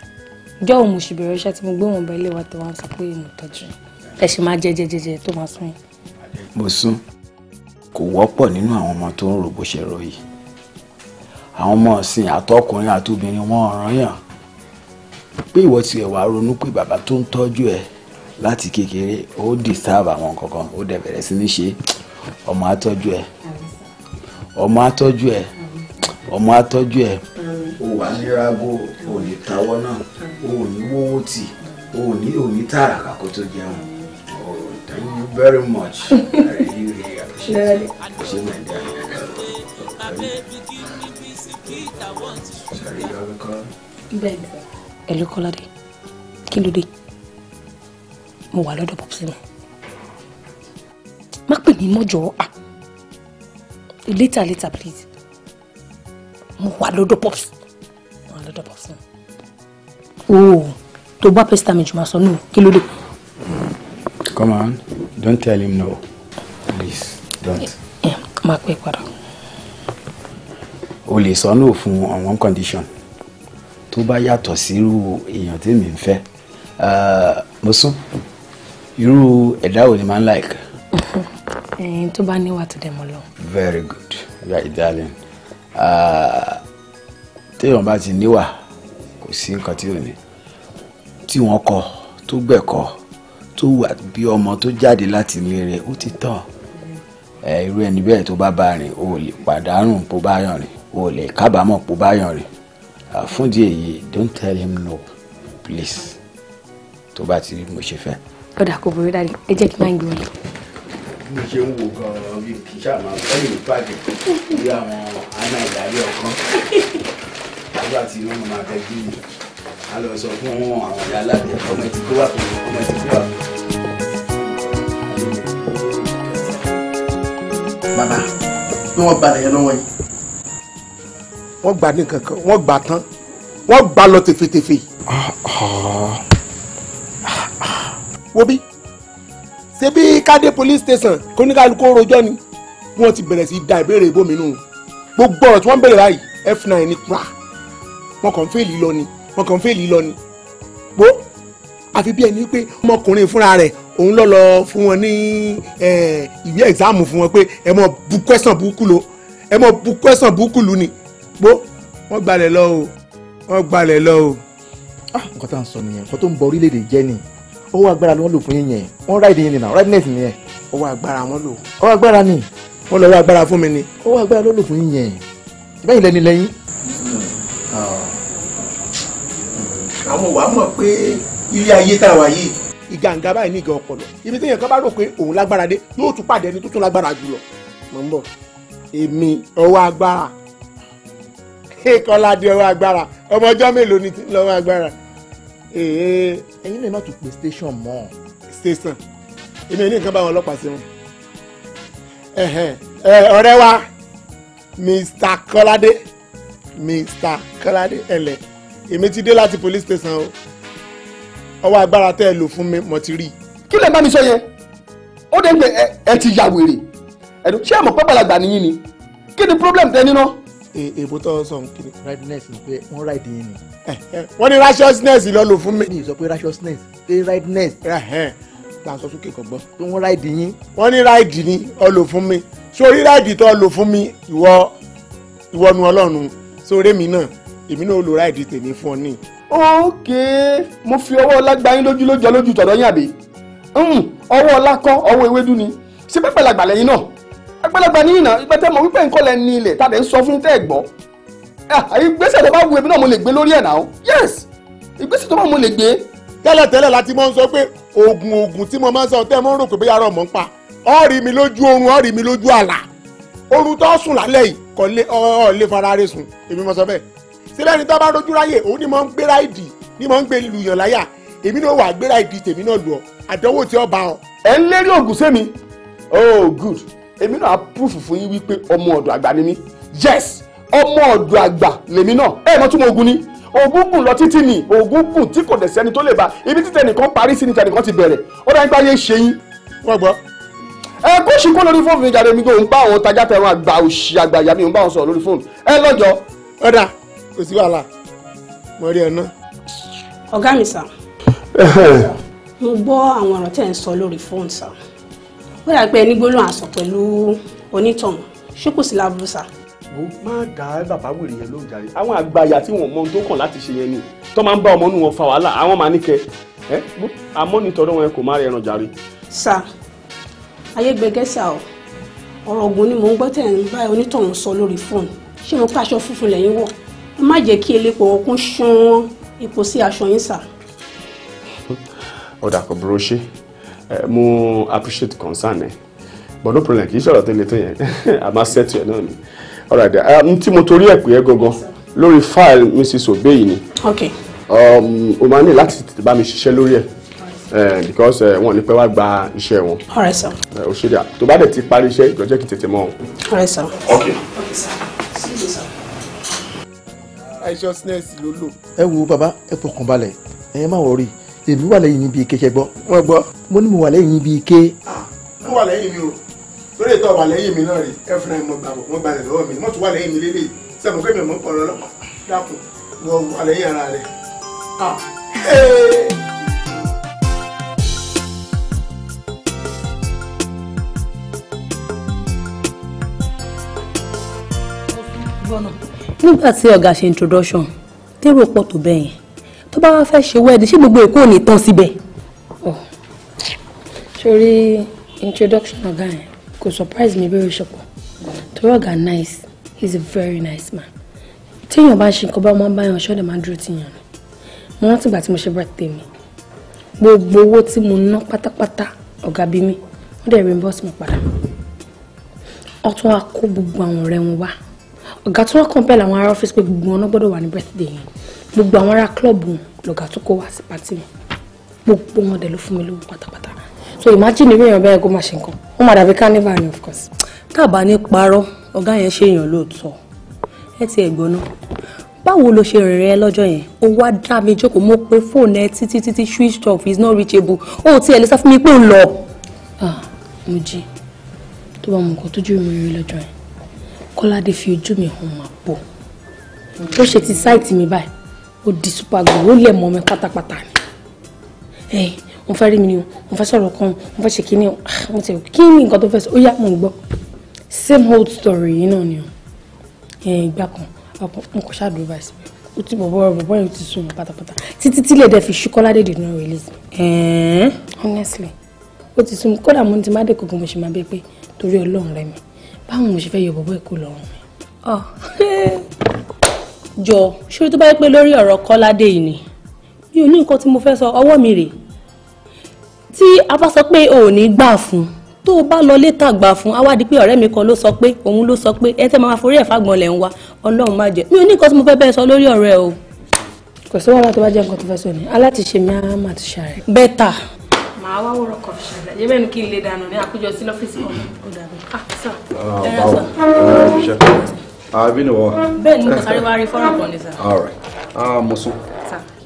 ọjọ́ òun mo sì bẹ̀rẹ̀ iṣẹ́ tí mo gbé wọn bá ilé wa tó wá ń sapó yìí mo tọ́jú ẹ ṣì máa jẹ jẹjẹjẹ tó máa sún yìí. mo sún kò wọ́pọ̀ nínú àwọn ọmọ tó ń rò bó ṣe rò yìí àwọn ọmọ ọ̀sìn àtọkùnrin àtobìnrin wọn ọ̀ràn yàn pé ìwọ ti ẹ̀wà ronú pé bàbá tó ń tọ́jú ẹ láti kékeré ó disturb àwọn kankan ó dẹ̀ bẹ̀rẹ̀ sí ní ṣe ọmọ atọ́jú ẹ ọmọ atọ́jú ẹ ọmọ atọ́jú ẹ. o wà ní rago o ní tawọ́ náà o ní wọ́wọ́ tì o ní omi tààrà kàkó tó jẹun oh, thank you very much i ẹ̀lú kọ́ládé kí ló dé mo wà lọ́dọ̀ pọ̀pọ̀sí mi má pè mí mọ́jọ́ à later later please mo wà lọ́dọ̀ pọ̀pọ̀sí mo wà lọ́dọ̀ pọ̀pọ̀sí mi. ooo tó bá pèsè tàmí jùmọ̀ sọ nù kí ló dé. come on don't tell him no please don't. Eh, eh, máa pẹ́ padà. o lè sọ no fún on one condition tó bá yàtọ̀ sírú èèyàn tèmi ń fẹ́ eh, mo sún irú ẹ̀dá wo ni máa ń like. ẹyin tó bá níwà tó dẹ̀ mọ́ lọ. very good you are Italian ah, téèyàn bá ti níwà kò sí nǹkan tí ò ní tí wọ́n kọ tó gbẹ̀kọ́ tó wà bí ọmọ tó jáde láti ilé rẹ̀ ó ti tàn eh, irú ẹni bẹ́ẹ̀ tó bá bá rìn o lè pàdánù bó bá yàn rìn o lè kábàámọ̀ bó bá yàn rìn Ah, fún díẹ̀ yìí don't tell him no please tó bá ti mo ṣe fẹ́. ọ̀dà kò burú dáre ẹ jẹ́ kí n máa ń gbé wọn lọ. bí mo ṣe ń wo gan-an bí kì í ṣàmà lẹ́yìn ìbàjẹ́ bí àwọn àna ìdarí ọkàn nígbà tí wọ́n máa fẹ́ bí a lọ sọ fún àwọn ọ̀dà aládé ọmọ ẹtì tó wà fún ọmọ ẹtì tó wà fún. bàbá bí wọ́n balẹ̀ yẹn lọ́wọ́ yìí wọ́n gbà ní kankan wọ́n gbà tán wọ́n gbà lọ tèfètèfè. wo bí ṣe bí police station kóníkàlùkò rojọ́ ni wọ́n ti bẹ̀rẹ̀ sí da ìbéèrè ìbò nù gbogbo ọ̀rọ̀ tí wọ́n bẹ̀rẹ̀ báyìí f9 ní kura wọ́n kàn fèèlì lọ ni wọ́n kàn fèèlì lọ ni gbó àfi bí ẹni pé ọmọkùnrin fúnra rẹ̀ òun lọ lọ fún wọn ní ìwé ẹ̀gzáàmù fún wọn pé ẹ mọ bu kwẹ́sàn burúkú lo ẹ mọ bu kwẹ́sàn burúkú lu ni pó wọ́n gbalẹ̀ lọ o wọ́n gbalẹ̀ lọ o. Ah, nǹkan tá à ń sọ nìyẹn nǹkan tó ń bọ orílẹ̀-èdè jẹ́ ni ọwọ́ agbára ni wọ́n lò fún yín yẹn wọ́n ráìdì yín nìyẹn ráìdìnẹ́sì nìyẹn. ọwọ́ agbára wọn lò. ọwọ́ agbára ni. wọ́n lọ wá agbára fún mi ni. ọwọ́ agbára ló lò fún yín yẹn ìbẹ́yìn lẹ́ni lẹ́yìn. Ah. àwọn wàá mọ̀ pé ilé ayé tá a wà yìí ìgàǹgà báyìí ní ìgà ọpọlọ ibi tí èèyàn kan bá rò pé òun lágbára dé yóò tún pàdé ẹni tó tún lágbára jùlọ mọ̀ kọ́lá di ọwọ́ agbára ọmọ ọjọ́ mélòó ni lọ́wọ́ agbára ẹ̀yin lè má tún pè station mọ́ station èmi ò ní nǹkan báwọn ọlọ́pàá ṣe wọn ọ̀rẹ́ wa mr kọ́ládé mr kọ́ládé ẹ̀lẹ́ èmi ti dé láti police station o ọwọ́ agbára tẹ́ ẹ lò fún mi mo ti rí i. kí lè bá mi sọ yẹn ó dé ń gbé ẹ ti ya wèrè ẹ̀dùn ṣé ẹ mọ̀ pé bàlágbà nìyí ni kí ni problem tẹ nínú. No? E- èbó tó sọ nkiri rightness ni pé wọ́n right yín ni. Eh, eh, wọ́n ní righteousness lọ lò fún mi. mi ì sọ pé righteousness pé rightness eh, tá a sọ sókè kọ̀gbọ́n pé wọ́n ráìdì yín. wọ́n ní ráìdì ni ọ lò fún mi sórí ráìdì tó lò fún mi ìwọ ìwọ nu ọlọ́run sórí mi náà èmi náà ó lo ráìdì tèmi fún ọ ní. ókè mo fi ọwọ́ ọlá gba yín lójú lójọ lójú tọ̀dọ̀ yín àbí hmm, ọwọ́ ọlá kọ́ ọwọ́ ewédú ni ṣé pẹ́pẹ́ làgbà lẹ́yìn náà àgbàlagbà ní ìnà ìpẹtẹ mọ wípé nǹkan lẹ ní ilẹ̀ tàbí ń sọ fún tẹ́ ẹ̀ gbọ́ ah, ìgbésẹ̀ tó bá wù èmi náà mo lè gbé lórí ẹ̀ náà yes ìgbésẹ̀ tó bá mo lè gbé. tẹ́lẹ̀ tẹ́lẹ̀ láti máa ń sọ pé oògùn oògùn tí mo máa ń sọ tẹ́ ẹ ń rò pé bóyá ọ̀rọ̀ mọ́ ń pa ó mi lójú oorun ó rí mi lójú àlà oorun tó sùn lálẹ́ yìí kò lè ọ̀ lè fara rẹ̀ sùn èmi mo sọ bẹ́ẹ̀ síbẹ̀ ni tó bá rojú ni mo ń ni mo ń gbé lùyàn láyà èmi náà wà gbéra ìdì tèmi náà lù ọ àdánwò tí ó bá ọ. oh good èmi náà proof fún yín wípé ọmọ ọ̀dọ̀ àgbà ni mí yes ọmọ ọ̀dọ̀ àgbà lèmi náà ẹ mọ̀ tún mọ ogun ni ogun gùn lọ títí ni ogun gùn tí kò dẹ̀ sẹ́ni tó lè bá ibi títẹ̀ nìkan parí sí ni tẹnìkan ti bẹ̀rẹ̀ ó dá nípa yé ṣe yín. wọ́n gbọ́. ẹ kó ṣì kó lórí fóònù mi jáde mi gbé òun bá àwọn tajà tẹ̀wọ̀n àgbà òṣì àgbà ìyá mi òun bá wọn sọ̀rọ̀ lórí fóònù ẹ lọ́jọ́. ọ̀dà kò sí wàhálà mo rí ẹ ná. ọ̀gá mi sà mo gbọ́ àwọn ọ̀rọ̀ tẹ̀ ń sọ lórí fóònù sà ó dà pé ẹni gbólóhùn àsọ pẹ̀lú onítọ̀hún ṣé kò sí láburú sá. wo má dá bàbá wèrè yẹn lóhùn jàre àwọn àgbàyà tí wọn mọ ohun tó kàn láti ṣe yẹn ni tó máa ń bá ọmọ inú wọn fa wàhálà àwọn máa ní kẹ ẹ àmọ́ nítorí wọn kò má rí ẹran jàre. sá ayé gbẹgẹ sá o ọ̀rọ̀ ògùn ni mò ń gbọ́ tẹ̀ ń bá onítọ̀hún sọ lórí fóònù ṣé mo pàṣọ funfun lẹ́yìn wọ̀ ẹ má jẹ́ kí elépo ọkùn ṣan epo sí aṣọ yín sá. ọ̀dà kò burú ṣe Eh, mo appreciate concern ẹ but no problem kì í ṣọ̀rọ̀ tó le tó yẹn a máa settle ẹ̀ náà ni all right n eh, um, tí mo torí ẹ̀ pé ẹ gangan lórí file Mrs Obey ni um, o máa ní láti bá mi ṣiṣẹ́ lórí ẹ̀ eh, because wọn ní pẹ́ wá gba iṣẹ́ wọn. all right sir. o ṣe dà tó bá dẹ̀ ti parí iṣẹ́ ìjọ́jẹ́ kì í tètè mọ́ o. all right sir. okay. righteousness ló lò. ẹ wo bàbá ẹ fọkàn balẹ̀ ẹ má wọrí èmi wà lẹ́yìn níbi ike ṣẹgbọ́ wọ́n gbọ́ mo ní mo wà lẹ́yìn níbi ike. mo wà lẹ́yìn mi o lórí ìtọ́ wà lẹ́yìn mi náà rè é fúnra mi mo gbà mo gbà lọ́wọ́ mi mo tún wà lẹ́yìn mi lélẹ̀ sẹ́mu pé mi ò mọ̀ pọ̀ lọ́lọ́pàá dákun mo wà lẹ́yìn ara rẹ̀ ah ee. nígbà tí ọ̀gá ṣe introduction tẹ́rù pọ̀ tó bẹ́yẹn tó bá wá fẹ́ ṣe wẹ́ẹ̀dì ṣé gbogbo èkó ò ní tán síbẹ̀. Oh. sórí introduction ọ̀gá yẹn kò surprise mi bí o ṣe pọ̀ torí ọ̀gá nice he's a very nice man téèyàn bá ṣe nǹkan bá máa ń báyàn ṣọ́ọ̀dẹ̀ máa ń dúró tíyàn ni mo rántí ìgbà tí mo ṣe birthday mi gbogbo owó tí mo ná pátápátá ọ̀gá bí mi wọ́n dẹ̀ reimburse mi padà wọ́n tún wá kó gbogbo àwọn ọ̀rẹ́ wọn wá ọ̀gá tún wá kàn bẹ́ẹ̀ làwọn ará ọ́fíìsì pé gbogbo wọn náà gbọ́dọ̀ wà ní birthday yẹn gbogbo àwọn ará klọ́ọ̀bù lọ̀gá tó kó wá sí pàtì mi gbogbo wọn dẹ̀ ló fún mi lówó pátápátá so imagine ìwé èèyàn bẹ́ẹ̀ kó máa ṣe nǹkan ó máa dàbí carnival ni of course. tábà ní parọ́ ọ̀gá yẹn ṣe èèyàn lóòótọ́ ẹ ti ẹ̀ gbọ́ná báwo ló ṣe rìnrìn ẹ lọ́jọ́ yẹn ó wá dá mi jókòó mo pé fóònù ẹ títí títí switch off is not reachable ó ti ẹ̀ lè sá fún mi pé ó lọ. mo jí tó bá mọ nǹkan tójú mi rí lọ́jọ́ yẹn kọ́ládé fi ojú mi hàn máa bọ̀ ó ṣe ti sáìtì mi báyìí ó di super glue ó lẹ̀ mọ́ mi pátápátá ni ẹ̀ eh, mo fẹ́ rí mi ni o mo fẹ́ sọ̀rọ̀ kan mo fẹ́ ṣe kíní o ah, mo ti kí nǹkan tó fẹ́ sọ ó yá mo ń same old story yìí náà ni o ẹ̀ eh, ìgbà kan mo kò ṣáà dúró báyìí síbẹ̀ ó ti bọ̀ bọ́ọ̀rọ̀ bọ́ọ̀rọ̀ yìí ti sùn mọ́ pátápátá títí tí lè dẹ́ fi ṣú kọ́ládé did not release me. Eh? honestly ó ti sùn kódà mo ti má dé kókó mo ṣe máa bẹ pé torí ọlọ́run rẹ mi báwo mo ṣe fẹ́ yọ bọ́bọ́ ìkó lọ́rùn mi. Oh. jọ ṣé tó bá yẹ pé lórí ọ̀rọ̀ kọ́ládé yìí ni mi ò ní nǹkan tí mo fẹ́ sọ ọwọ́ mi rèé tí a bá sọ pé o ò ní gbà fún tó o bá lọ létà gbà fún a wá di pé ọ̀rẹ́ mi kan ló sọ pé òun ló sọ pé ẹni tẹ́ máa forí ẹ̀ fàgbọ́n lẹ̀ ń wa ọlọ́run má jẹ́ mi ò ní nǹkan tí mo fẹ́ bẹ́ẹ̀ sọ lórí ọ̀rọ̀ ẹ o. kò sí wàhálà tó bá jẹ́ nǹkan tó fẹ́ sọ ni aláàtìṣe mi á máa ti ṣàrẹ̀. bẹ́tà. màá wá wúrọ̀ kọ̀ ṣàlẹ̀ yé bẹ́ẹ̀ ni kí n ah sir àbí ni wọ́n. bẹ́ẹ̀ ni mo sáré wá rí fọ́nrán kan ní sá. all right ah musu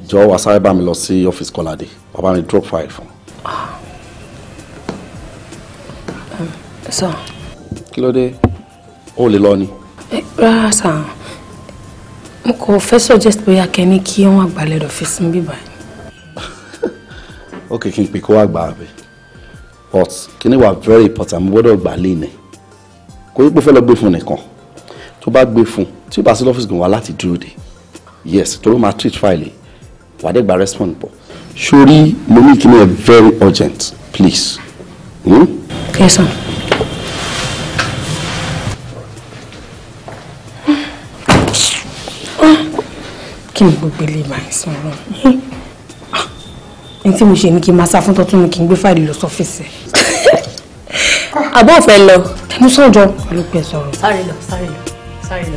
jọ wá sáré bá mi lọ sí ọ́fíìsì kọ́ládé bàbá mi drop file fún. Um, sọ. kí ló dé ó lè lọ ni. Eh, rárá sá mo kò fẹ́ suggest bóyá kẹ́ni kí wọ́n àgbàlẹ̀ ọ́fíìsì ń bíbá yìí. ok kí n pè kó wá gbà á bẹ́ẹ̀ but kí ni wà very important mo gbọ́dọ̀ gbà lé ní kò yí pé fẹ́ lọ gbé fún nìkan tó bá gbé fún tí ó bá sí lọ́fíìsì gan wá láti dúró de yes tó ló máa treat file yìí wàá dé gba respond bọ̀. sori mo ní ìkíni ẹ very urgent please. Hmm? yes sir. kí n gbogbo ilé ìgbà ìsìn ọ̀rọ̀ ẹni tí mo ṣe ni kí n máa sá fún tọ́tún mi kí n gbé fáìlì lọ sọ́fíìsì àbọ̀ ọ̀fẹ́ lọ. mo sọ̀jọ́ ló pẹ̀ sọ̀rọ̀. sáré lọ sáré lọ. Sayılır.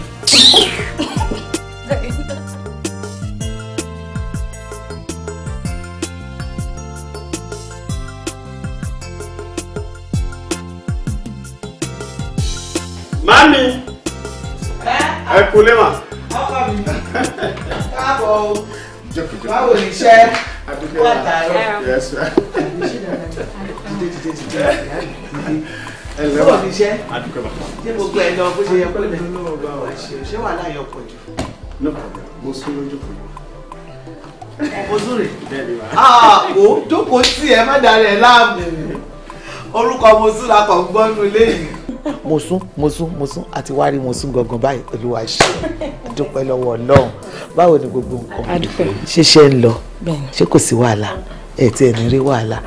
Mami! Ẹ kú lé mà. Ọkọ mi, káàbọ̀ o. Báwo ni iṣẹ́? Wà á tààrọ̀. Jíde jíde jíde ẹlẹ́wà adúgbò ṣé gbogbo ẹ̀ lọ bó ṣe yẹ kọ́lẹ̀ bẹ́ẹ̀ ṣé wà láyé ọkọ̀ jù. no problem mo sún lójú kan ọkọ̀ sórí àwò jókòó tì ẹ má darí ẹ láàmú orúkọ mo sún la kàn gbọ́ nínú ilé yìí. mo sún mo sún mo sún àti wá rí mo sún gangan báyìí olúwa ṣe dúpẹ́ lọ́wọ́ ọlọ́run báwo ni gbogbo nǹkan ṣíṣe ń lọ ṣé kò sí wàhálà ẹ̀ tí ẹ̀ ní rí wàhálà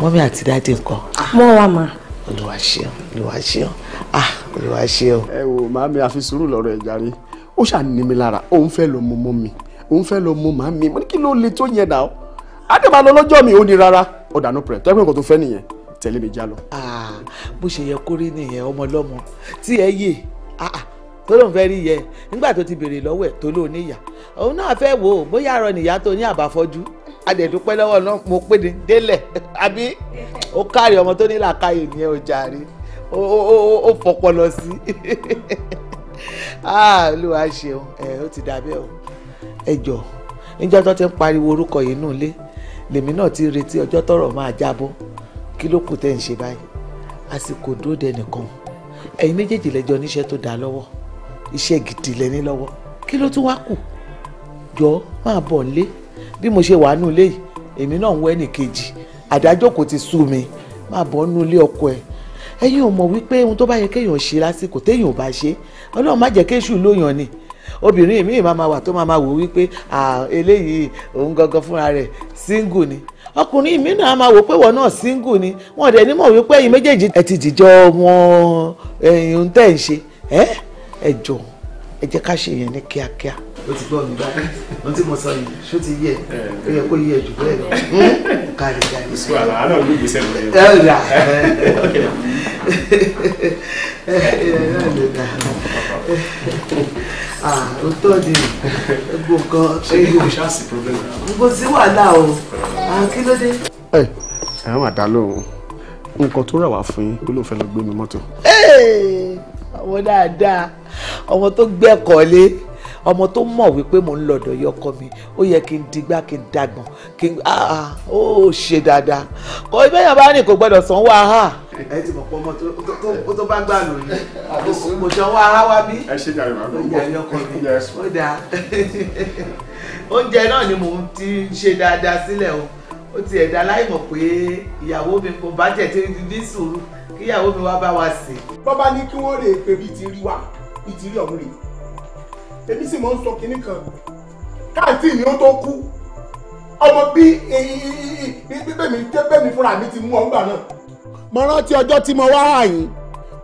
mọ́mí àti dáàdì nǹkan. mọ́ wa máa olúwa ṣeun olúwa ṣeun ah olúwa ṣeun. ẹ wo màámi àfi sùúrù lọ́rọ̀ ẹ̀ jàre ó ṣàní mi lára òun fẹ́ lọ mọ mọ́ mi òun fẹ́ lọ mọ màámi mo ní kí ló le tó yẹn dà ó àdèmà lọ lọ́jọ́ mi ò ní rárá ọ̀dà no problem tẹ́gbẹ́ nǹkan tó fẹ́ nìyẹn tẹ̀lé mi já lọ. Ah, bó ṣe yẹ kó rí nìyẹn ọmọ ọlọ́mọ tí ẹ yè ah, ah, tó lóun fẹ́ rí yẹ nígbà tó ti béèrè lọ́wọ́ ẹ̀ tó lóun níyà òun náà fẹ́ wò bóyá arọ adẹ̀dúpẹ́ lọ́wọ́ náà mo pé ni délẹ̀ àbí ó kárí ọmọ tó ní làákàyè ní ọjà rí ó fọpọlọ sí ah, olúwa ṣeun ẹ ó ti dàbẹ́ o ẹ jọ níjọ́ tó ti ń pariwo orúkọ yìí nù lé lèmi náà ti retí ọjọ́ tọ́rọ̀ máa jábọ́ kí ló kù tẹ́ ń ṣe báyìí àsìkò dóde nìkan ẹ̀yin méjèèjì lẹ́jọ́ níṣẹ́ tó dáa lọ́wọ́ iṣẹ́ gidi lẹ́ni lọ́wọ́ kí ló tún wá kù jọ máa bọ̀ lé bí mo ṣe wà nù ilé yìí èmi náà ń wọ ẹnì kejì àdájọ́ kò ti sú mi máa bọ́ nù ilé ọkọ ẹ̀ ẹ̀yin ò mọ̀ wípé ohun tó bá yẹ kéèyàn ṣe lásìkò téèyàn ò bá ṣe ọlọ́run má jẹ́ kéṣù lóyàn ni obìnrin míì máa máa wà tó máa máa wò wípé eléyìí òun gangan fúnra rẹ̀ single ni ọkùnrin mi náà máa wò pé wọn náà single ni wọn dẹ̀ nímọ̀ wípé ẹ̀yin méjèèjì ẹ ti dìjọ wọn ẹ̀yin tẹ̀ ń ṣe ẹ ẹ jọ ẹ jẹ́ ká ṣe yẹn ní kíákíá o ti gbọ́ mi báyìí ohun tí mo sọ yìí ṣó ti yẹ ó yẹ kó yẹ jù bẹ́ẹ̀ lọ hm? kárí kárí sí i. wàhálà àná ló gbèsè lọ yẹn. ẹ rà ah, ó tọ́ ni gbogbo nǹkan. ṣé kí o ṣáà sí problem. gbogbo sí wàhálà o kí ló dé. ẹ ẹ má dá lóhùn nǹkan tó rà wá fún yín pé ló fẹ́ lọ gbé mi mọ́tò. ọmọ dáadáa ọmọ tó gbẹ́kọ̀ọ́ lé ọmọ tó mọ̀ wípé mò ń lọ̀dọ̀ yọ ọkọ mi ó yẹ kí n digbá kí n dagbọ̀n kí n ah, ah, ó ṣe dáadáa kò ibẹ̀yàn bá ní kò gbọ́dọ̀ sanwó aha. ẹ ti mọ̀ pọ̀ ọmọ tó bá gbà lò ní mo sanwó aha wá bí. ẹ ṣe jàre màá gbọ́ ọkọ mi ó dáa oúnjẹ náà ni mò ń ti ṣe dáadáa sílẹ̀ o ó ti ẹ̀dá láì mọ̀ pé ìyàwó mi kò bá jẹ̀ tí ní sùúrù kíyàwó mi wá bá wa sè. bọ́bá ní kí wọ́n lè pè bí ti rí wa bí ti rí ọ̀hún rèé èmi sì mọ̀ ń sọ kinní kan káàtì ni ó tó kú ọmọ bí bẹ́ẹ̀mi bẹ́ẹ̀mi fúnra mi ti mú ọgbà náà. mo rántí ọjọ́ tí mo wá àyìn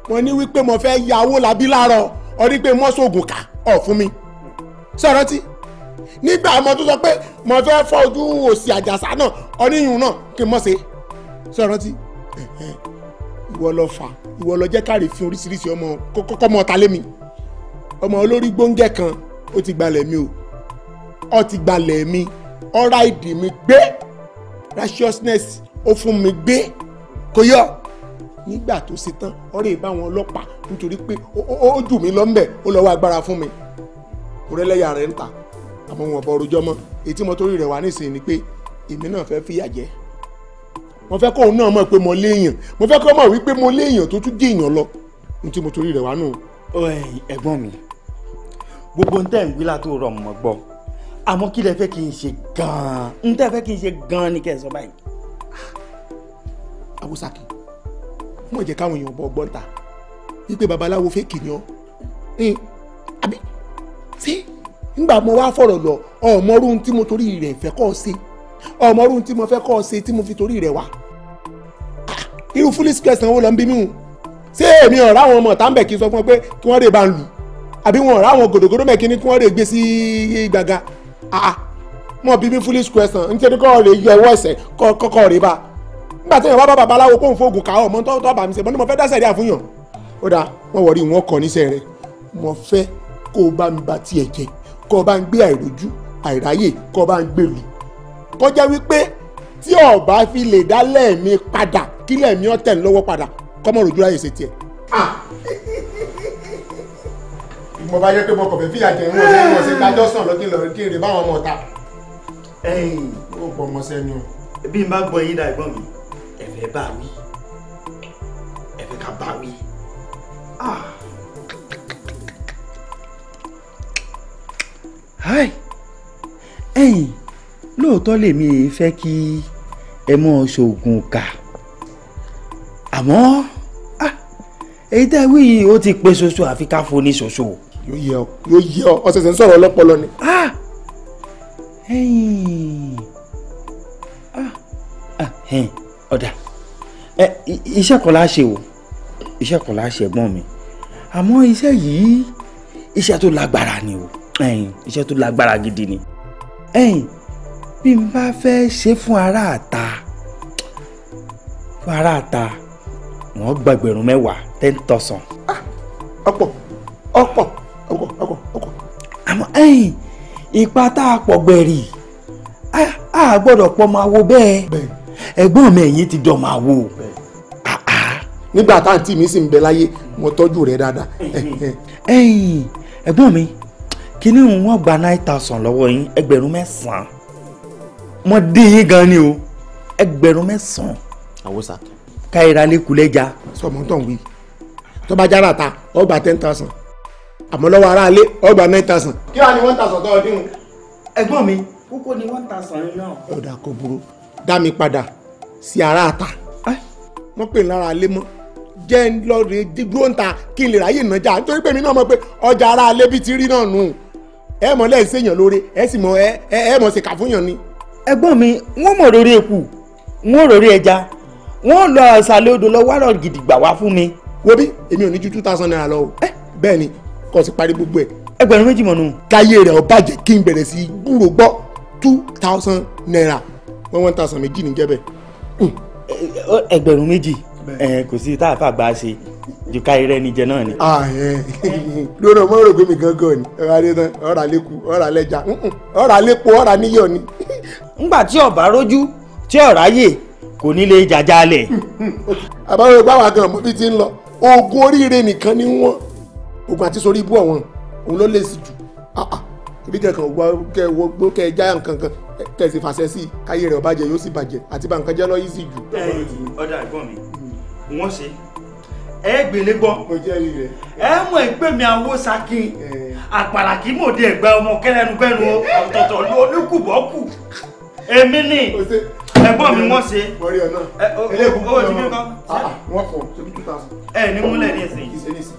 mo ní wípé mo fẹ́ ya owó labí láàárọ̀ ọdí pé mọ́ṣọ́gùn ká ọ̀ fún mi sọ̀rọ̀ tí nígbà mo tún sọ pé mo fẹ́ fọ́ ojú òsì àjàsá náà oníyùn náà kí n mọ̀ ṣe sọ̀rọ̀ tí ìwọ ló fà ìwọ ló jẹ́ káàrí fi oríṣiríṣi ọmọ kọ́kọ́ mọ́ ta lé mi ọmọ olórí gbóńgẹ́ kan ó ti gbalẹ̀ mi o ó ti gbalẹ̀ mi ọ̀rá ìdì mi gbé righteousness ó fún mi gbé kò yọ nígbà tó ṣe tán ọ̀rẹ́ ìbáwọn ọlọ́pàá nítorí pé ó jù mí lọ́nbẹ̀ ó lọ́wọ́ agbára fún mi kò rẹ́lẹ́yà rẹ̀ ń ta àmọ́ wọn bọ̀ rojọ́ mọ́ èyí tí mo torí rẹ̀ wá nísìnyí ni pé èmi náà fẹ́ fìyà jẹ mo fẹ́ kóun náà mọ̀ pé mo léèyàn mo fẹ́ kó mọ̀ wípé mo léèyàn tó tún jẹ́ èèyàn lọ ohun tí mo torí rẹ̀ wá nù. ẹ̀gbọ́n mi gbogbo ń tẹ̀ ń wí látò rọ̀ mọ́ gbọ́ àmọ́ kí lẹ fẹ́ kí n ṣe gan-an ń kí n ṣe gan ni kẹ́ ẹ sọ báyìí. Ah, awosaki mo jẹ káwọn èèyàn bọ ọgbọ́n ta wípé babaláwo fẹ́ kì ni ọ àbí ṣé ńgbà mo wá fọ̀rọ̀ lọ ọmọrún tí mo torí rẹ̀ fẹ́ kọ́ ṣe ọmọrún tí mo fẹ́ kọ́ ṣe tí mo fi torí rẹ̀ wá ah, irú foolish question wo lọ ń bí mi hù ṣé èmi ọ̀rá àwọn ọmọ tá ń bẹ̀ kí n sọ fún ọ pé kí wọ́n lè bá ń lù àbí wọn rà àwọn gòdògòdò mẹ́kìnní kí wọ́n lè gbé sí gbàgà àà mọ̀ bíbí foolish question nítorí kọ́ rè yọ ẹwọ́ ẹ̀sẹ̀ kọ́kọ́ rè bá nígbà tí èèyàn bá bàbá aláwo kóhùn fóògùn káwọ́ mọ́ tọ́ bàmí sẹ́ mọ́ ni mo fẹ́ dá sẹ̀rí àfúnyàn ó dáa wọ́n wọ̀ rí wọn kọ́ níṣẹ́ rẹ mo fẹ́ kó o bá mi ba tiẹ̀ jẹ kó o bá ń gbé àìrójú àìráyè kó o bá ń gbèlú kọjá wípé tí ọba fi lè dá lẹ́ẹ̀mí padà kí lẹ́ẹ̀mí ọ̀tẹ̀ ńlọ́wọ́ padà kọ́mọ̀ròjú ráyè ṣe tiẹ̀. Ah, mo bá yẹ pé mo kọ̀ fẹ́ fìyà jẹ wọn ṣe wọn ṣe dájọ́ sàn lọ́kìn lọ́rọ́ kí n rè báwọn ọmọ ọ̀tá. ẹ̀yin ó gbọ́ ọmọ sẹ́ni o. bí n bá gbọ́ yín dá ẹ̀gbọ́n mi ẹ fẹ́ bá wí ẹ fẹ́ ká bá wí. Ah. ẹ̀yin lóòótọ́ lèmi fẹ́ kí ẹ mọ́ ṣoògùn kà àmọ́ ah, èyí tẹ́ wí yìí ó ti pé ṣoṣo àfi ká foni ṣoṣo yóò yẹ ọ yóò yẹ ọ ọsẹsẹ ń sọ̀rọ̀ ọlọ́pọlọ ni. Ah! Ah! Ah! ọ̀dà iṣẹ́ kan láṣẹ o iṣẹ́ kan láṣẹ ẹ̀gbọ́n mi àmọ́ iṣẹ́ yìí iṣẹ́ tó lágbára ni o iṣẹ́ tó lágbára gidi ni bí n bá fẹ́ ṣe fún aráàta fún aráàta wọ́n gbàgbẹ̀rún mẹ́wàá ten thousand. ọ̀pọ̀ ọ̀pọ̀ ọkọ ọkọ ọkọ àmọ́ ẹ̀yìn ipa tá a pọ̀ gbẹ̀rì a gbọ́dọ̀ pọ̀ máa wo bẹ́ẹ̀ ẹ̀gbọ́n mi ẹ̀yìn ti dọ̀ máa wo nígbà tá àǹtí mi sì ń bẹ láyé mo tọ́jú rẹ̀ dáadáa. ẹ̀yìn ẹ̀gbọ́n mi kíní wọn gba nine thousand lọ́wọ́ yín ẹgbẹ̀rún mẹ́sàn-án mo dín yín gan ni o ẹgbẹ̀rún mẹ́sàn-án. àwòsàn. káyìrá lẹ́kùlẹ́jà. sọmọ tó wí tó ta ọgbà ten thousand àmọ́ lọ́wọ́ aráalé ọgbà nine thousand. kí wàá ní one thousand tó ọdún. ẹ̀gbọ́n mi kókó ni one thousand náà. ọ̀dà kò burú dá mi padà sí ara àta wọ́n pè lára alé mọ́ jẹ́ ń lọ rè dúró ń ta kí n lè ráyè nájà nítorí pé mi náà mọ̀ pé ọjà ara alé bíi ti rí náà nù ẹ mọ̀ lẹ́yìn séèyàn lóore ẹ sì mọ̀ ẹ ẹ mọ̀ ṣèkà fún ni. ẹ̀gbọ́n mi wọ́n mọ̀ lórí eku wọ́n lórí ẹja wọ́n lọ ìsàlẹ̀ odò lọ wárọ̀ gidigba wá fún mi. wo bí èmi ò ní ju two thousand naira lọ o bẹ́ẹ̀ ni kó o sì parí gbogbo ẹ̀. ẹgbẹ̀rún méjì mọ̀nù. káyé rẹ̀ ó kí n bẹ̀rẹ̀ sí gbúrò gbọ́ two thousand naira wọ́n one thousand méjì ní jẹ́bẹ̀. Hmm. ẹgbẹ̀rún méjì kò sí tá a fà gbà ṣe ju káyé rẹ̀ níjẹ náà ni. Ah, lórí ọmọ rògbò mi gángan ni ọ̀rọ̀ alẹ́ tán ọ̀rọ̀ alẹ́ kú ọ̀rọ̀ alẹ́ já hmm, hmm. ọ̀rọ̀ alẹ́ po ọ̀rọ̀ níyọ̀ ni. ńgbà tí ọ̀bá rójú tí ọ̀ráyè kò ní lè jàjà lẹ̀. àbáwọ̀ ìgbà wà gan-an mo fi ti ń lọ oògùn oríire nìkan ni wọ́n ogun àti sórí ibú ọ̀wọ́n òun ló lè sì jù ah, ah, ibi kẹkàn wọ kẹ wọ gbó kẹ já nǹkan kan kẹ sì fàṣẹ sí káyé rẹ ó bàjẹ́ yóò sì bàjẹ́ àti bá nǹkan jẹ́ lọ yìí sì jù. ọ̀dà ẹ̀gbọ́n mi wọ́n ṣe ẹ gbélé gbọ́ ẹ mọ̀ ẹ pé mi àwo sakin àpàlà kí mò dé ẹgbẹ́ ọmọ kẹlẹ́nugẹ́nu ọ̀tọ̀ọ̀tọ̀ ló oníkùbọ́kù èmi ni ẹ̀gbọ́n mi wọ́n ṣe owó ti bí kọ́. Ah, wọ́n fọ̀ ṣe bí two thousand. ẹ ní múlẹ̀ ní ìsìn.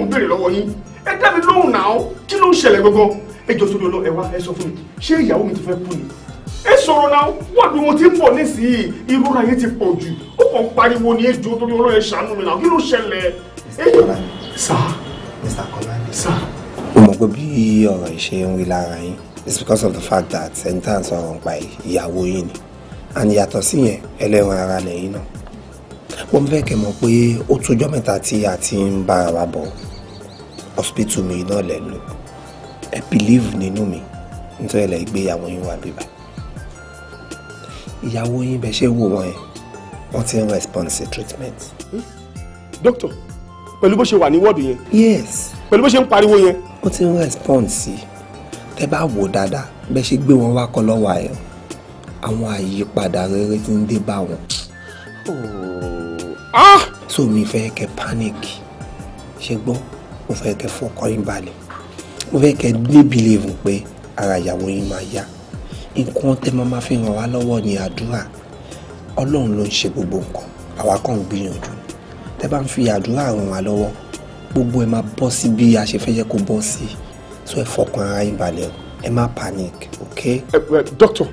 mò ń béèrè lọ́wọ́ yín ẹ dá mi lóhùn náà kí ló ń ṣẹlẹ̀ gangan ẹ jọ sórí ọlọ ẹ wá ẹ sọ fún mi ṣé ìyàwó mi ti fẹ́ kú ni ẹ sọ̀rọ̀ náà wọ́n mo ti ń bọ̀ nísìnyí ìrora yẹn ti pọ̀ jù ó kàn ń pariwo ní ejò torí ọlọ́ ẹ ṣàánú mi náà kí ló ṣẹlẹ̀. Mr. Kolade sá. mo mọ̀ pé bí ọ̀rọ̀ ìṣe ń rí lára yín it's because of the fact that ẹni tá à ń sọ̀rọ̀ pa ìyàwó yín ni and yàtọ̀ sí yẹn ẹlẹ́ran ara lẹ́yìn náà wọ́n fẹ́ kẹ́ mọ̀ pé ó tójọ́ mẹ́ta tí a ti ń bára wa bọ̀ hospital mi náà lẹ̀ lò I believe nínú mi nítorí ẹ̀ lẹ́ gbé ìyàwó yín wá bíbá ìyàwó yín bẹ ṣe wò wọ́n yẹn wọ́n ti ń respond sí treatment. Hmm? doctor pẹ̀lú bó ṣe wà ní wọ́ọ̀dù yẹn. yes. pẹ̀lú bó ṣe ń pariwo yẹn. ó ti ń respond sí tẹ bá wò dáadáa bẹ ṣe gbé wọn wá kọ́ lọ́wọ́ àyàn àwọn àyípadà rere ti ń dé bá wọn. Oh. Ah! so mi fẹ́ kẹ́ panic ṣe gbọ́ mo fẹ́ kẹ́ fọkàn yín balẹ̀ mo fẹ́ kẹ́ ní bìlíìfù pé ara ìyàwó yín máa yá nǹkan tẹ́ máa máa fi ràn wá lọ́wọ́ ní àdúrà ọlọ́run ló ń ṣe gbogbo nǹkan àwa kàn ń gbìyànjú tẹ́ bá ń fi àdúrà ràn wá lọ́wọ́ gbogbo ẹ̀ máa bọ́ sí bí a ṣe fẹ́ yẹ kó bọ́ sí so ẹ fọkàn ara yín balẹ̀ ẹ má panic ok. ẹ ẹ dókítà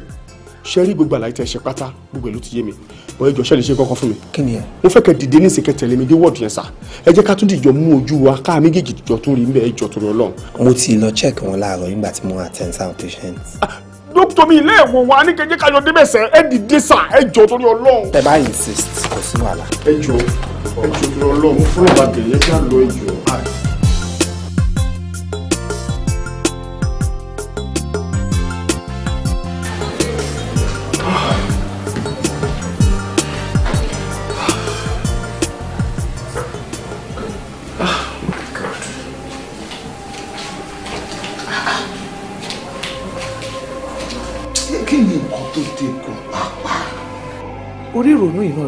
ṣe rí gbogbo àlàyé tẹ́ ṣe pátá gbogbo ẹ ló ti yé mi ọ̀ ẹjọ́ ṣẹlẹ̀ ṣe kọ́kọ́ fún mi. kí ni ẹ. mo fẹ́ kẹ́ dìde ní ìsìnkẹ́ tẹ̀lé mi dé wọ́ọ̀dù yẹn sá ẹ jẹ́ ká tún dìjọ mú ojú wa ká méjèèjì jọ tún rí mbẹ́ ẹjọ́ tó lọ lọ. mo ti lọ check wọn láàárọ̀ nígbà tí mo attend some patients. dókítà mi ilé ẹ̀wọ̀n wa ní kẹjẹ́ káyọ̀ débẹ̀ sẹ́ ẹ dìde sá ẹjọ́ torí Ọlọ́run. ẹ bá insist kò sí wàhálà. ẹjọ́ ẹjọ́ torí Ọlọ́run fúnra bàbá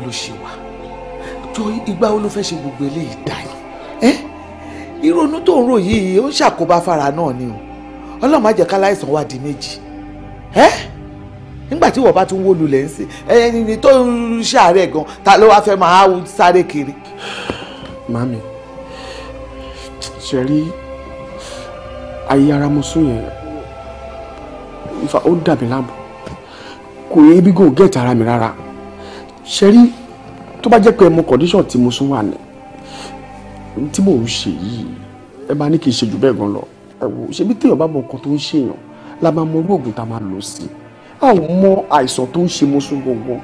ló ṣe wà jọ ìgbà wo ló fẹ́ ṣe gbogbo eléyìí dà yìí ìrònú tó ń rò yìí ó ń ṣàkóbá fara náà ni o ọlọ́run má jẹ́ káláìsàn wá di méjì nígbà tí wọ́n bá tún wó lulẹ̀ ń sìn ẹni tó ń ṣàárẹ̀ gan ta ló wá fẹ́ máa sáré kiri. màmí ṣe rí ayé ara mo sún yẹn ó dàbí láàbù kò ebi gò gẹ̀ẹ́tì ara mi rárá ṣe rí tó bá jẹ́ pé mo condition tí mo sún wà ní tí mò ń ṣe yìí ẹ bá ní kí n ṣe jù bẹ́ẹ̀ gan lọ ẹ wò ṣebí téèyàn bá mọ nǹkan tó ń ṣèyàn la máa mọ irú oògùn tá a máa lò sí a ò mọ àìsàn tó ń ṣe mo sún gbọ̀ngbọ̀n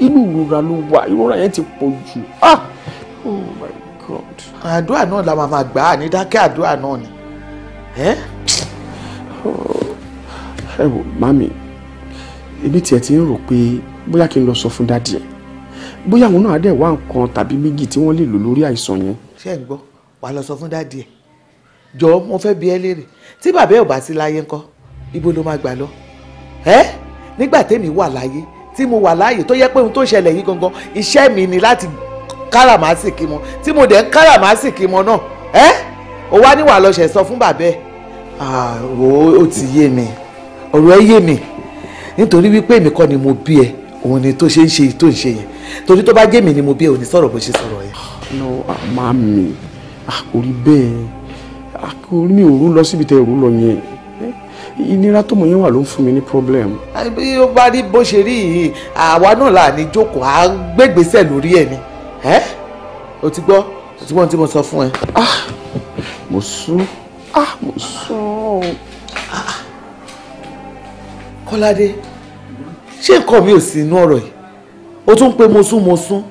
inú ìrora ló wà ìrora yẹn ti pọ̀ jù ah oh my god. àdúrà náà la máa gbà á ní dákẹ́ àdúrà náà ni. Oh. ẹ wò mami ibi tí ẹ ti ń rò pé bóyá kí n lọ sọ fún dádì ẹ̀ bóyá àwọn náà á dẹ̀ wá nǹkan tàbí méjì tí wọ́n lè lò lórí àìsàn yẹn. ṣé ẹ ń gbọ́ wàá lọ sọ fún dádì ẹ̀ jọ̀ọ́ mo fẹ́ bi ẹ́ léèrè tí bàbá ẹ̀ ò bá sí láyé ńkọ́ ibo ló máa gbà lọ ẹ́ nígbà tèmi wà láyé tí mo wà láàyè tó yẹ pé ohun tó ṣẹlẹ̀ yìí gangan iṣẹ́ mi ni láti káràmásìkì mọ tí mo dẹ̀ ń káràmásìkì mọ náà ẹ́ o wá ní wàá lọ ṣẹ̀ sọ fún bàbá ẹ̀. àwọ̀ ó ti yé mi ọ̀rọ̀ ẹ yé mi nítorí wípé èmi kọ́ ni mo bí ẹ òun ni tó ṣe ń ṣe tó ń ṣe yẹn torí tó bá jẹ́ mi ni mo bí ẹ ò ní sọ̀rọ̀ bó ṣe sọ̀rọ̀ yẹn. no ah, máa mi àkórí ah, bẹ́ẹ̀ àkórí ah, mi ò rú lọ síbi tẹ ò rú lọ yẹn eh, ìnira tó mọ̀ yẹn wà ló ń fún mi ní problem. bí ó bá rí bó ṣe rí yìí àwa náà là ní jókòó à ń gbégbèsè lórí ẹ ni ẹ o ti gbọ́ o ti gbọ́ ohun tí mo sọ fún ẹ. mo sún mo sún. Kọ́ládé ṣé nǹkan mi ò sí inú ọ̀rọ̀ yìí o tún pe mo sún mo sún.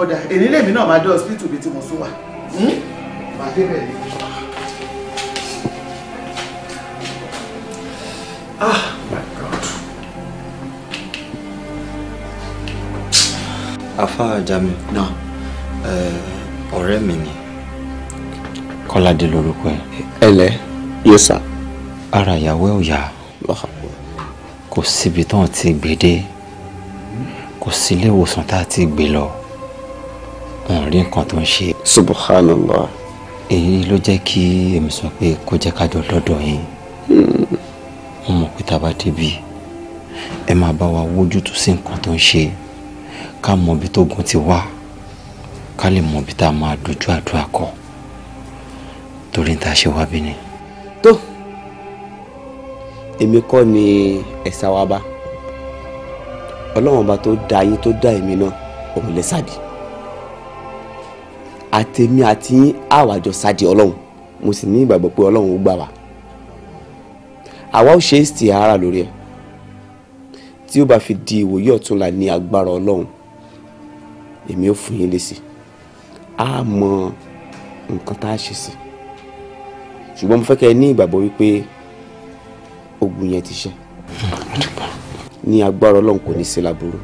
ọ̀dà èyí lèmi náà máa dé hospital bíi tí mo sún wà. Hmm? màá dé bẹ̀rẹ̀ ni. ah my god. afa jami na ọ̀rẹ́ mi ni kọ́ládé lorúkọ ẹ̀. ẹ lẹ́ yé sá. ara ìyàwó ẹ̀ ò yá. lọ́kàn kò síbi tó ń ti gbèdé kò sí ilé ìwòsàn tá a ti gbé lọ n rí nǹkan tó ń ṣe. subhanallah. èyí ló jẹ́ kí èmi sọ pé kó jẹ́ ká jọ dọ́dọ̀ yín mo mọ̀ pé tá a bá débi ẹ máa bá wa wójútùú sí nǹkan tó ń ṣe ká mọ ibi tó gun ti wá ká lè mọ ibi tá a máa dojú àdúrà kọ torí n ta ṣe wá bí ni. tó èmi kọ́ ni ẹ̀sà wa bá ọlọ́run ọba tó dá yín tó dá èmi náà òun lè sáàdì àtèmi àti yín àwàjọ sáàdì ọlọ́run mo sì ní ìgbàgbọ́ pé ọlọ́run ó gbà wá àwa ó ṣe é sì ara lórí ẹ tí ó bá fi di ìwòye ọ̀túnla ní agbára ọlọ́run èmi ó fún yín lésì á mọ nǹkan tá a ṣe sí ṣùgbọ́n mo fẹ́ kẹ́ ẹ ní ìgbàgbọ́ wípé ogun yẹn ti ṣe ní agbára ọlọ́run kò ní sí láburú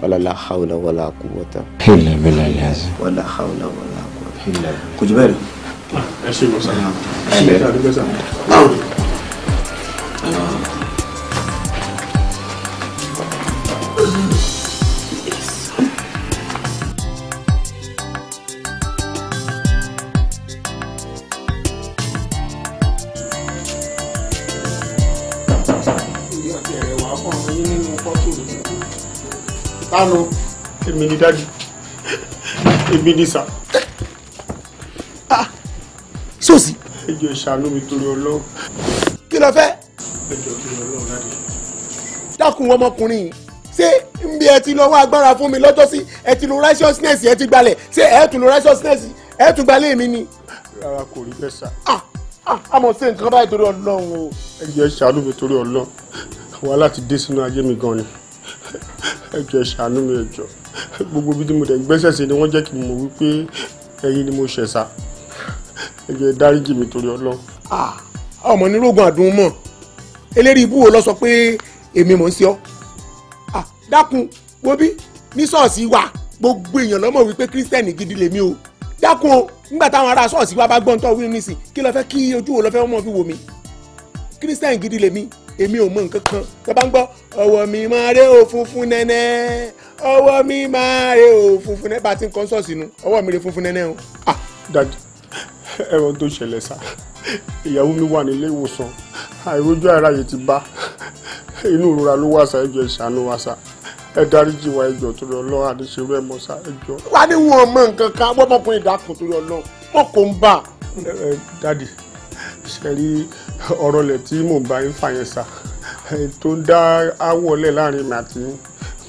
wàlálà haúlà wàlà àkúwọ́tà. hílẹ̀ bílẹ̀ ni a sọ. wàlà haúlà wàlà kò jù bẹ́ẹ̀ lọ. ẹ ṣe ìwòsàn. ẹ ṣe ìwòsàn. báwo àánú èmi ni dájú èmi ni Ah, sọ́ọ̀sì. ẹ jọ̀ọ́ ṣàánú mi torí ọlọ́run. kí ló fẹ́. ẹ jọ̀ọ́ torí ọlọ́run láti. dákun ọmọkùnrin yìí ṣé ń bí ti lọ wá agbára fún mi lọ́jọ́ sí ẹ ti lo righteousness ẹ ti gbalẹ̀ ṣé ẹ tún lo righteousness ẹ tún gbalẹ̀ mi ni. rárá kò rí bẹ́ẹ̀ Ah, ah. mọ̀ sí nǹkan báyìí torí ọlọ́run o. ẹ jẹ́ ṣàánú mi torí ọlọ́run wàhálà ti dé sínú ayé mi gan ni ẹjọ ṣàánú mi ẹjọ gbogbo bí mo dẹ̀ gbẹ́sẹ̀ sí ni wọ́n jẹ́ kí n mọ̀ wípé ẹ̀yin ni mo ṣẹ̀ṣà ẹjọ ẹ dáríjì mi torí Ọlọ́run. ọmọ ní rògùn àdùn mọ eléyìí ibú wo lọ sọ pé èmi mò ń ṣe ọ dákun wo bí ní ṣọ́ọ̀ṣì wa gbogbo èèyàn ló mọ̀ wípé kírísítẹ́nì gidi lèmi o dákun o nígbà táwọn ará ṣọ́ọ̀ṣì wa bá gbọ́n tó wí nísìn kí ló fẹ́ kí ojú wo ló fẹ́ mọ̀ fi wò mí kírísítẹ́nì gidi lèmi èmi ò mọ nǹkan kan tó bá ń gbọ́ ọwọ́ mi máa rẹ o funfun nẹ́nẹ́ ọwọ́ mi máa rẹ o funfun nẹ́nẹ́ bá a ti ń kọ́ sọ́ọ̀sì nu ọwọ́ mi rẹ funfun nẹ́nẹ́ o. ah dadi ẹ̀rọ tó ṣẹlẹ̀ sá ìyàwó mi wà nílé ìwòsàn àìrójú ara yìí ti bá inú ìrora ló wà sá ẹjọ́ ìṣàánú wa sá ẹ dáríjì wa ẹjọ́ torí Ọlọ́run àdéṣerú ẹ mọ sá ẹjọ́. wá ní wọn mọ nǹkan kan wọn kò ṣe rí ọ̀rọ̀ lẹ̀ tí mò ń bá yín fà yẹn sà tó ń dá àwọ̀lẹ̀ láàrin mi àti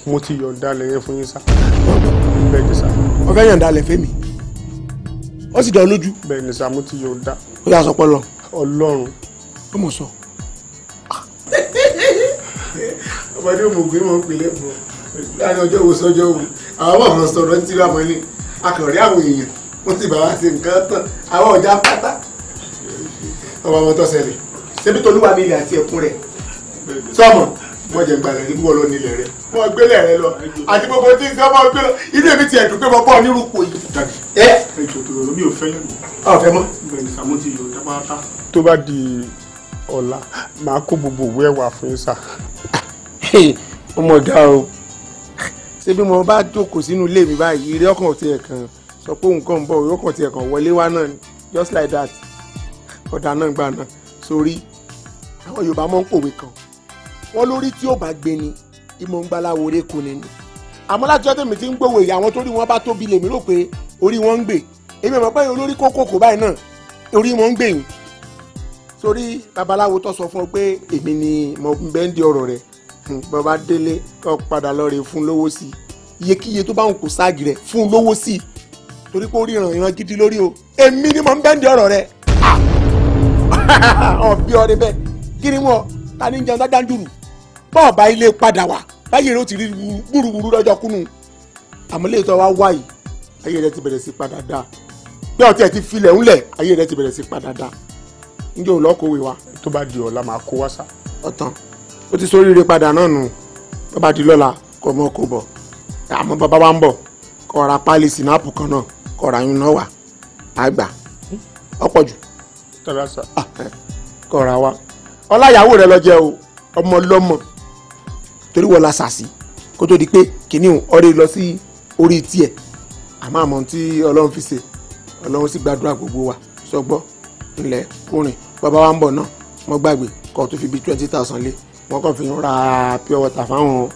mo ti yọ̀ǹda lẹ̀ yẹn fún yín sà bẹ́ẹ̀ ni sà. ọ̀fẹ́ yọ̀ǹda lẹ̀ fẹ́mi ó sì dán lójú. bẹ́ẹ̀ ni sà mo ti yọ̀ǹda. ó yà sọ pé lọ. ọlọ́run. ó mọ̀ sọ. ọmọdé òmùgún mọ̀ ń pè lẹ́bùn láàrin ọjọ́ wo sọ́jọ́ wo àwọn ọmọ sọ̀rọ̀ ń tira mọ́ akọ̀rẹ́ àwọn èèyàn wọ́n ti bàbá ṣe nǹkan tán àwọn ọ̀já pátá ọmọ ọmọ tó ṣẹlẹ̀ ṣebí tolúwa mi ilẹ̀ àti ẹ̀kún rẹ̀ sọmọ wọn jẹ gbalẹ ní wọlọ nílẹ̀ rẹ̀ wọn gbélé rẹ̀ lọ àti gbogbo tí nǹkan máa gbé lọ inú èmi ti ẹdùn pé mo bọ onírú kò yìí. ẹ ẹjọ tó yọrọ mi ò fẹ́ lẹnu. ọ fẹ́ mọ̀. bẹ́ẹ̀ ni sàmú ti yọ dábàá tó bá di ọ̀la màá kó gbogbo òwe ẹ̀wà fún sà. ọmọ ọ̀gá o ṣé bí mo bá jókòó sínú ilé mi báyìí eré ọkàn tiẹ̀ kan sọ pé òun kàn ń bọ̀ òun kàn tiẹ̀ kan wọlé wá náà just like that ọ̀dà náà gbà sórí àwọn Yorùbá mọ̀ ń pòwe kan wọ́n lórí tí ò bá gbé ni ìmọ̀ kò ní ni àmọ́ láti ọjọ́ ti ń gbòwò ìyá àwọn tó wọn bá tóbi lèmi rò pé orí wọn ń gbè èmi mọ̀ pé olórí kókó kò báyìí náà orí wọn ń gbè yín sórí babaláwo tó sọ fún ọ pé èmi ni mo ń bẹ́ ń di ọ̀rọ̀ rẹ̀ bọ́ délé kọ́ padà lọ rè fún lówó sí i iyekíye tó bá ń kó sáàgì rẹ̀ fún lówó sí i torí pé ó ríran ìran gidi lórí o èmi ni mo ń bẹ́ ń di ọ̀rọ̀ rẹ̀ ọ̀bí ọ̀rẹ́ bẹ́ẹ̀ kí ni wọ́n ta ní jẹun dáadáa ń dùrù bọ́ọ̀bá ilé padà wá báyìí ló ti rí gbúrúgbúrú lọ́jọ́ kúnnù àmọ́ lè tọ́ wá wáyìí ayé rẹ ti bẹ̀rẹ̀ sí padà dáa bí ọtí ẹ ti filẹ̀ ńlẹ̀ ayé rẹ ti bẹ̀rẹ̀ sí padà dáa njẹ́ òun lọ́kọ̀wé wa. tó bá di ọ̀la máa kó wá sá. ọ̀tàn ó ti sóríire padà náà nù tó bá di lọ́la kò mọ́ kò bọ̀ àmọ́ bàbá wa ń bọ̀ kó ra pálí sinapu kan náà ra yún náà wà á gbà ọ̀pọ̀ jù. tọrọ àṣà kọra wa ọláyàwó rẹ lọ jẹ o ọmọ lọmọ torí wọ́n la sàṣì kó tó di pé kìnìún ọrẹ lọ sí orí tiẹ̀ àmọ́ àmọ́ tí ọlọ́run fi ṣe ọlọ́run sì gbàdúrà gbogbo wa sọgbọ́ ńlẹ̀ kùnrin bàbá wa ń bọ̀ náà wọ́n gbàgbé kọ́ tó fi bí twenty thousand lé wọ́n kàn fi ń ra pure water fáwọn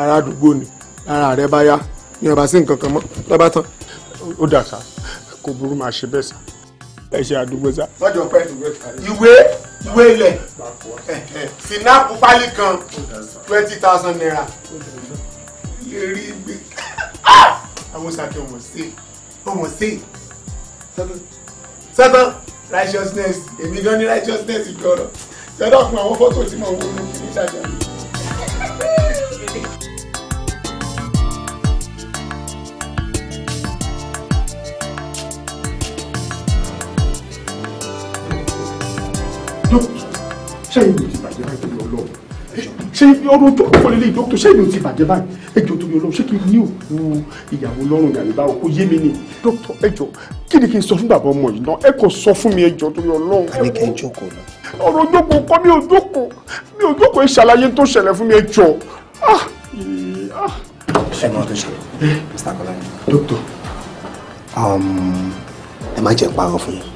ará àdúgbò ni lára rẹ bá yá ní ọba sí nǹkan kan mọ́ lọ́ba tán. ó dà sá kò burú máa ṣe bẹ́ẹ̀ sá ẹ ṣe àdúgbò sá. lọ́jọ́ pẹ́ ìwé ìwé ilẹ̀ sinapu pálí kan twenty thousand naira lè rí gbé ah! àwọn sàkè ọmọ sí ọmọ sí sọ́tọ̀ righteousness èmi gan ní righteousness ìgbọràn sọ́tọ̀ fún àwọn fọ́tò tí mo wọ́n mú kí ní ṣàjọyọ̀. ṣé èmi ò ti bàjẹ́ báyìí torí ọlọ́run ṣé ọdún tó kọ́ lélẹ̀ dókítà ṣé èmi ò ti bàjẹ́ báyìí ẹjọ́ torí ọlọ́run ṣé kí n ní òkú ìyàwó lọ́rùn yàrá báwo kó yé mi ni dókítà ẹjọ́ kí ni kí n sọ fún bàbá ọmọ yìí náà ẹ kò sọ fún mi ẹjọ́ torí ọlọ́run. a ní kẹ́ ẹ jókòó lọ. ọ̀rọ̀ jókòó kọ́ mi ò jókòó mi ò jókòó ẹ ṣàlàyé tó ṣẹlẹ̀ fún mi ẹjọ́. Ah, ah. ṣé mo ti ṣe eh. Mr. Kọ́lá um, ẹ má jẹ́ pààrọ̀ fún yín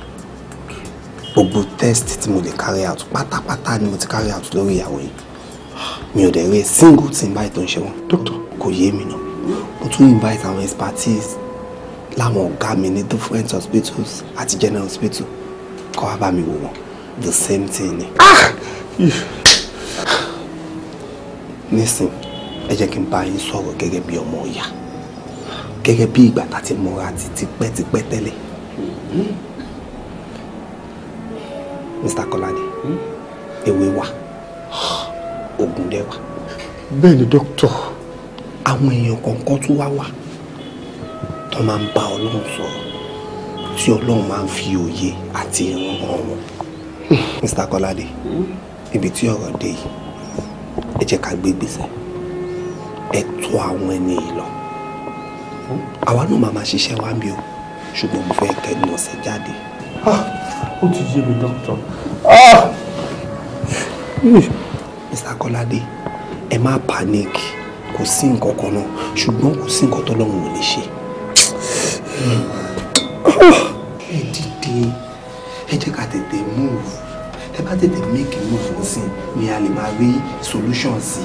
gbogbo test tí mo lè carry out pátápátá ni mo ti carry out lórí ìyàwó yìí mi ò dẹ̀ rí single tí n báyìí tó ń ṣe wọn. doctor kò yé mi náà mo tún invite àwọn expertise láwọn ọ̀gá mi ní different hospitals àti general hospital kọ́ wá bá mi wò wọ́n the same thing ni. Ah! nísìn ẹ jẹ́ kí n bá yín sọ̀rọ̀ gẹ́gẹ́ bí ọmọ ìyá gẹ́gẹ́ bí ìgbà tá ti mọ́ra ti tipẹ́tipẹ́ tẹ́lẹ̀. Mm-hmm. Mr. Kọ́ládé ewé wà oògùn dẹ̀ wà. bẹ́ẹ̀ ni dókítà. àwọn èèyàn kọ̀ọ̀kan tó wá wà tó máa ń bá ọlọ́run sọ̀rọ̀ tí ọlọ́run máa ń fi òye àti ìran hàn wọn. Mr. Kọ́ládé ibi tí ọ̀rọ̀ dé yìí ẹ jẹ́ ká gbé gbèsè ẹ tó àwọn ẹni yìí lọ àwa náà máa máa ṣiṣẹ́ wá bí o ṣùgbọ́n mo fẹ́ kẹ́ ẹ nọ̀ọ́sẹ̀ jáde. Ah ó ti yé mi dọ́kítọ̀. Ah! Mr. Kọ́ládé ẹ má panic go. sí nǹkan kan should ṣùgbọ́n kò sí nǹkan tọ́lọ́run ò lè ṣe. ẹ dìde ẹ jẹ́ ká tètè move ẹ bá tètè make move sí ni a lè máa rí solution sí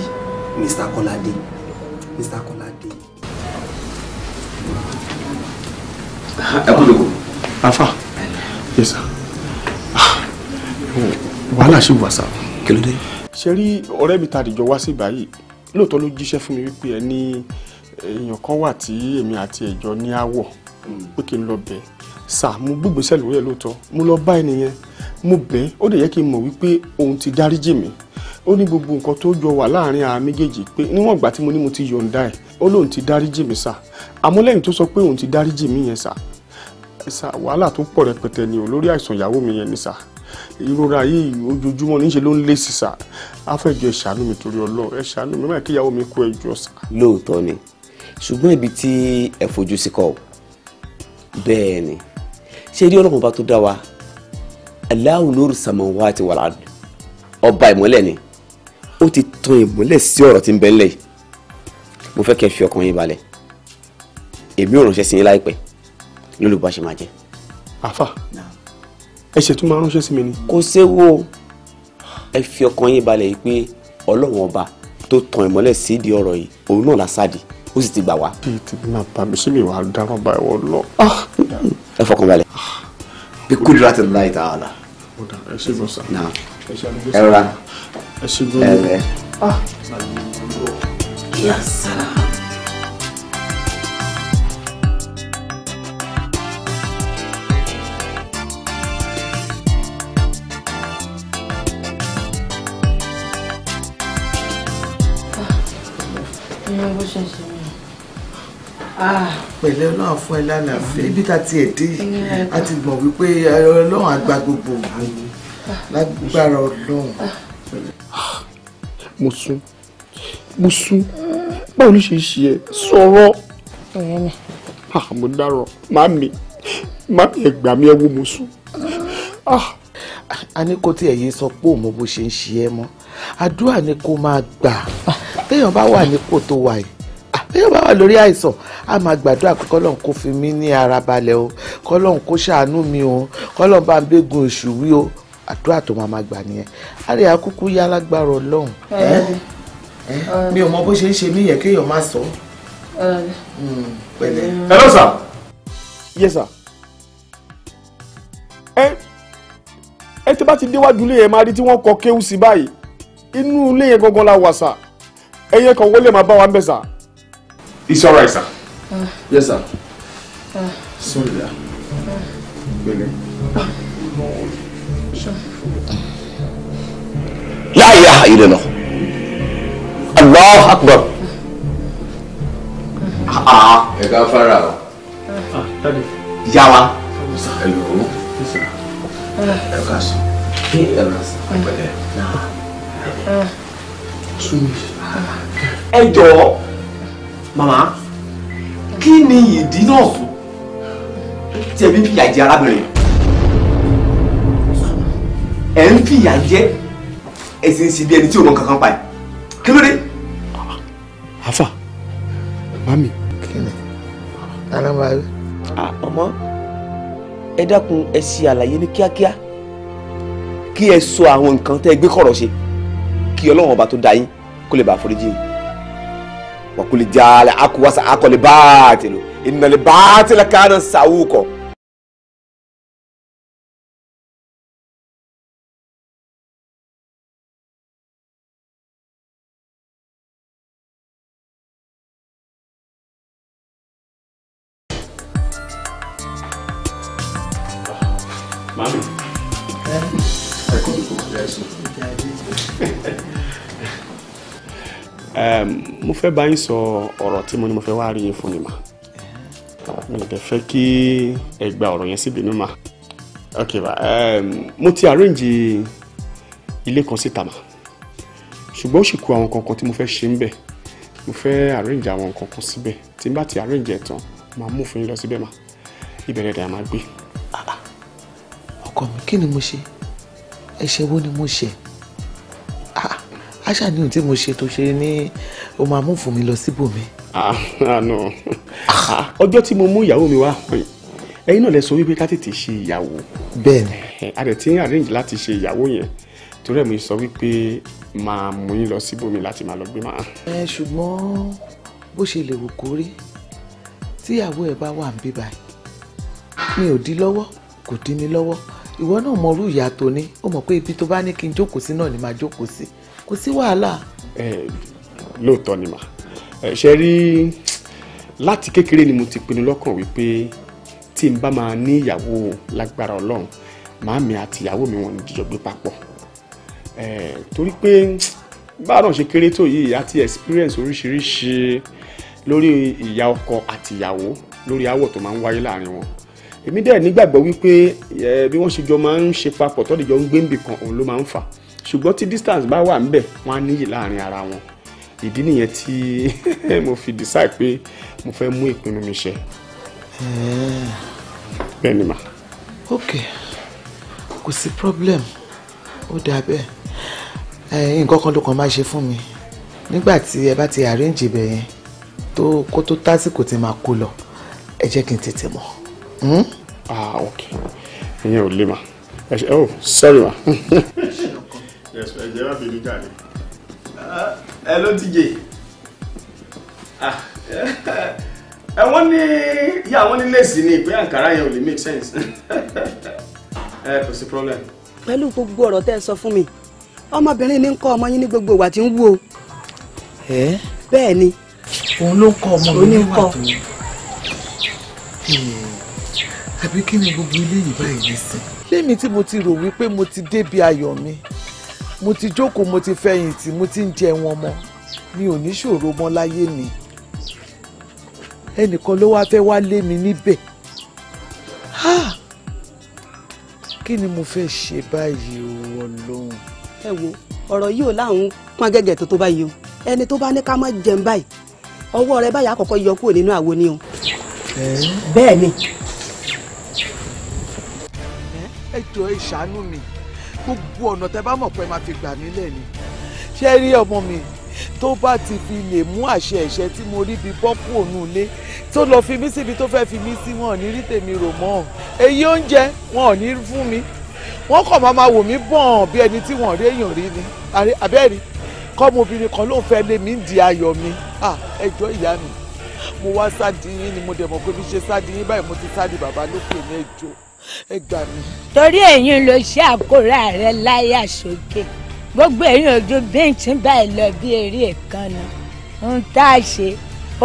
Mr. Kọ́ládé. Mr. Kọ́ládé. ẹ kú lóko. afa yes sir wàhálà ṣì wà sá kí ló dé. ṣe rí ọ̀rẹ́ mi tàdíjọ wá sí báyìí lóòótọ́ ló jíṣẹ́ fún mi wípé ẹ ní èèyàn kan wà tí èmi àti ẹ̀jọ ní àwọ̀ pé kí n lọ bẹ̀ sá mo gbígbésẹ̀ lórí ẹ̀ mo lọ bá ẹnìyẹn mo bẹ̀ ó dẹ̀ yẹ kí n mọ̀ wípé òun ti dáríjì mi ó ní gbogbo nǹkan tó jọ wà láàrin àwọn méjèèjì pé níwọ̀n ìgbà tí mo ní mo ti yọ̀ǹda ẹ̀ ó lóun ti dáríjì mi sá àmọ́ lẹ́yìn tó sọ pé òun ti dáríjì mi yẹn sá sá wàhálà tó pọ̀ rẹpẹtẹ ni ò lórí àìsàn ìyàwó mi yẹn ni sá ìrora yìí ojoojúmọ́ níṣe ló ń lé sísà afẹ́jọ ẹ ṣàánú mi torí Ọlọ́run ẹ ṣàánú mi má kíyàwó mi kú ẹjọ́ sà. lóòótọ́ ni ṣùgbọ́n ibi tí ẹ fojú sí kọ́ bẹ́ẹ̀ ni ṣé rí Ọlọ́run bá tó dá wa Allahu nuru samawati wal ard ọba ìmọ́lẹ̀ ni ó ti tan ìmọ́lẹ̀ sí ọ̀rọ̀ tí ń bẹ ńlẹ̀ yìí mo fẹ́ kẹ́ fi ọkàn yín balẹ̀ èmi ò ránṣẹ́ sí yín láìpẹ́ lólùbọ́ ṣe máa jẹ́. àfà. náà ẹ̀ṣẹ̀ tún máa ránṣẹ́ sí mi ni. kò séwo ẹ fi ọkàn yín balẹ̀ yìí pé ọlọ́run ọba tó tan ìmọ́lẹ̀ sí ìdí ọ̀rọ̀ yìí òun náà lásàdì ó sì ti gbà wá. bí tèmi máa bá mi sí mi wàá dáná bá ìwọ lọ. Ah, ẹ fọkàn balẹ̀. Ah. bí kúlù láti láì tá a la. ẹ ṣe bọ́ sá. ẹ rọra ẹ lẹ. Ah. yasara. mi bó ṣe ń ṣe mí. pẹ̀lẹ́ ọlọ́run fún ẹ lálàáfíà ibi tá a ti ẹ̀ dé a ti mọ̀ wípé ọlọ́run àgbà gbogbo ògùn lágbára ọlọ́run. Ah. mo sún mo sún báwo ló ṣe ṣe ẹ sọ̀rọ̀. ọ̀rẹ́ mi. Ah, mo dárọ̀ màmí màmí ẹ gbà ẹ wo mo sún. Ah. a ní kó tí ẹ yé sọ pé òun bó ṣe ń ṣe ẹ mọ́ àdúrà ni kó máa gbà ah. téèyàn bá wà nípò tó wà yìí ah, téèyàn bá wà lórí àìsàn a máa gbàdúrà pé kọ́lọ́n kó fi mí ní ara balẹ̀ o kọ́lọ́n kó ṣàánú mi o kọ́lọ́n bá ń gbégun èṣù wí o àdúrà tó máa máa gbà nìyẹn àrẹ àkúkú yá lágbára Ọlọ́run. mi ò mọ bó ṣe ń ṣe mí yẹ kéèyàn má sọ. Hmm, pẹ̀lẹ́. hello sir. yes sir. ẹ ẹ tí bá ti déwájú lé ẹ máa rí tí wọ́n kọ kéwù sí báyìí inú ilé yẹn gangan la wà sà ẹyẹ kan wọlé máa bá wa ń bẹ it's alright sir. Uh, ah. yes sir. Uh, ah. sorry ya. gbẹlẹ. la ilaha illallah Allah akbar. Ah, ẹ ká fara o. ìyá wa. ẹ lò ó. ẹ ká sùn. ẹ ká sùn ẹ jọ̀ọ́ màmá kí ni ìdí náà fún tí ẹbí fìyà jẹ arábìnrin ẹ ń fìyà jẹ ẹ sì ń ṣe bí ẹni tí ò mọ kankan pa ẹ kí ló dé. àfà mami. kí ni nana máa rí. ọmọ ẹ dákun ẹ ṣe àlàyé ní kíákíá kí ẹ sọ àwọn nǹkan tẹ́ ẹ gbé kọ̀rọ̀ ṣe kí ọlọ́run ọba tó dá yín kó lè bá àforíjì yín wàkúlẹ̀ jà á kó wá sa akọ̀lẹ̀ bá àtẹ̀lò ìnàlẹ̀ bá àtẹ̀lẹ̀ káàdà sàwùkọ̀ fẹ́ bá yín sọ ọ̀rọ̀ tí mo ní mo fẹ́ wá rí yín fún ni mà mi ò dẹ̀ fẹ́ kí ẹ gba ọ̀rọ̀ yẹn síbi mímà ok ma mo ti arrange ilé kan síta mà ṣùgbọ́n ó sì kù àwọn kankan tí mo fẹ́ ṣe ń bẹ̀ mo fẹ́ arrange àwọn kankan síbẹ̀ tí n bá ti arrange ẹ̀ tán màá mú fún yín lọ síbẹ̀ mà ìbẹ̀rẹ̀ rẹ̀ a máa gbé. ọkọ mi kí ni mo ṣe ẹ̀ṣẹ̀ wo ni mo ṣe àṣà ni tí mo ṣe tó ṣe ní o máa mú fún mi lọ síbòmí. àná ah, ah, ah, ọjọ́ tí mo mú ìyàwó mi wá ẹ̀yin náà lẹ sọ wípé ká tètè ṣe ìyàwó. bẹ́ẹ̀ni. Eh, a dẹ̀ ti ń arrange láti ṣe ìyàwó yẹn torí ẹ̀ mo sọ wípé máa mú yín lọ síbòmí láti máa lọ gbé máa. ẹ ṣùgbọ́n bó ṣe lè wò kó rí tíyàwó ẹ bá wà ń bí báyìí mi ò dí lọ́wọ́ kò dí mi lọ́wọ́ ìwọ náà mọ orú ìyá tó ní ó mọ̀ pé ibi tó bá ní kí n jókòó sí náà ni màá jókòó sí kò sí wàhálà. ẹ eh, lóòótọ́ ni mà ṣe rí láti kékeré ni mo ti pinnu lọ́kàn wípé tí n bá máa ní ìyàwó lágbára ọlọ́run màámi àti ìyàwó mi wọn ní jíjọ gbé papọ̀ torí pé báà ṣe kéré tó yìí àti experience oríṣiríṣi lórí ìyá ọkọ àti ìyàwó lórí aáwọ̀ tó máa ń wáyé láàrin wọn èmi dẹ̀ nígbàgbọ́ wípé bí wọ́n ṣe jọ máa ń ṣe papọ̀ tọ́lẹ̀ jọ ń gbé nbì kan òun ló máa ń fà ṣùgbọ́n tí distance bá wà ń bẹ̀ wọ́n á níyì láàrin ara wọn ìdí nìyẹn tí mo fi decide pé mo fẹ́ mú ìpinnu mi ṣe. bẹ́ẹ̀ ni mà. ok kò sí problem ó dáa bẹ́ẹ̀ nǹkan kan ló kàn máa ṣe fún mi nígbà tí ẹ bá ti arrange ibẹ̀ yẹn tó kó tó tásìkò tí máa kó lọ ẹ jẹ́ kí n tètè mọ̀. ah ok ìyẹn ò lè mà ẹ ṣe oh sorry ma. ẹ ṣe ọkọ ẹ jẹ́ wá bínú jáde. Hello, ló ti jè ah. ẹ wọ́n ní yà wọ́n ní lẹ́sì ni ìpín àǹkárá yẹn ò will make sense Eh, kò the problem. pẹ̀lú gbogbo ọ̀rọ̀ tẹ́ tell sọ fún mi ọmọbìnrin ní ń kọ́ ọmọ yín ní gbogbo ìwà you. ń eh? o. bẹ́ẹ̀ ni. òun ló ń kọ́ ọmọ mi níwà tó àbí kí ni gbogbo eléyìí báyìí lè sìn. lémi tí mo ti rò wípé mo ti mo ti jókòó mo ti fẹ̀yìntì mo ti ń jẹ wọn mọ́ mi ò ní ṣòro mọ́ láyé mi ẹnìkan ló wáá fẹ́ wá lé mi níbẹ̀ kí ni mo fẹ́ ṣe báyìí ọlọ́run. ẹ wo ọ̀rọ̀ yìí ò láwọn pọn gẹ́gẹ́ tó tó báyìí o ẹni tó bá ní ká má jẹun báyìí ọwọ́ rẹ báyìí àkọ́kọ́ yọ kúrò nínú àwo ni o. bẹ́ẹ̀ ni. ẹ jọ ìṣàánú mi gbogbo ọ̀nà tẹ bá mọ̀ pé máa fi gbà mí lẹ̀ ni ṣé rí ọmọ mi tó bá ti fi lè mú àṣẹ ẹ̀ṣẹ̀ tí mo rí bi bọ́pù òun lé tó lọ fi mí síbi tó fẹ́ẹ́ fi mí sí wọn ò ní rí tèmi rò mọ́ èyí oúnjẹ wọn ò ní fún mi wọ́n kàn máa ma wò mí bọ̀n bí ẹni tí wọ́n rí èèyàn rí ni àbẹ́rí kọ́mọbìnrin kan ló ń fẹ́ lé mi ń di ayọ̀ mi ẹjọ́ ìyá mi mo wá sáàdì ni mo dẹ̀ mọ̀ pé mi ṣe sáàdì báyìí mo ti sáàdì bàbá lókè ní ẹjọ́ ẹ gbà mí. torí ẹ̀yin ló ṣe àkórà rẹ láyà sókè gbogbo ẹ̀yin ojú bíǹtì báyìí lọ bí eré ìkànnà ohun tá a ṣe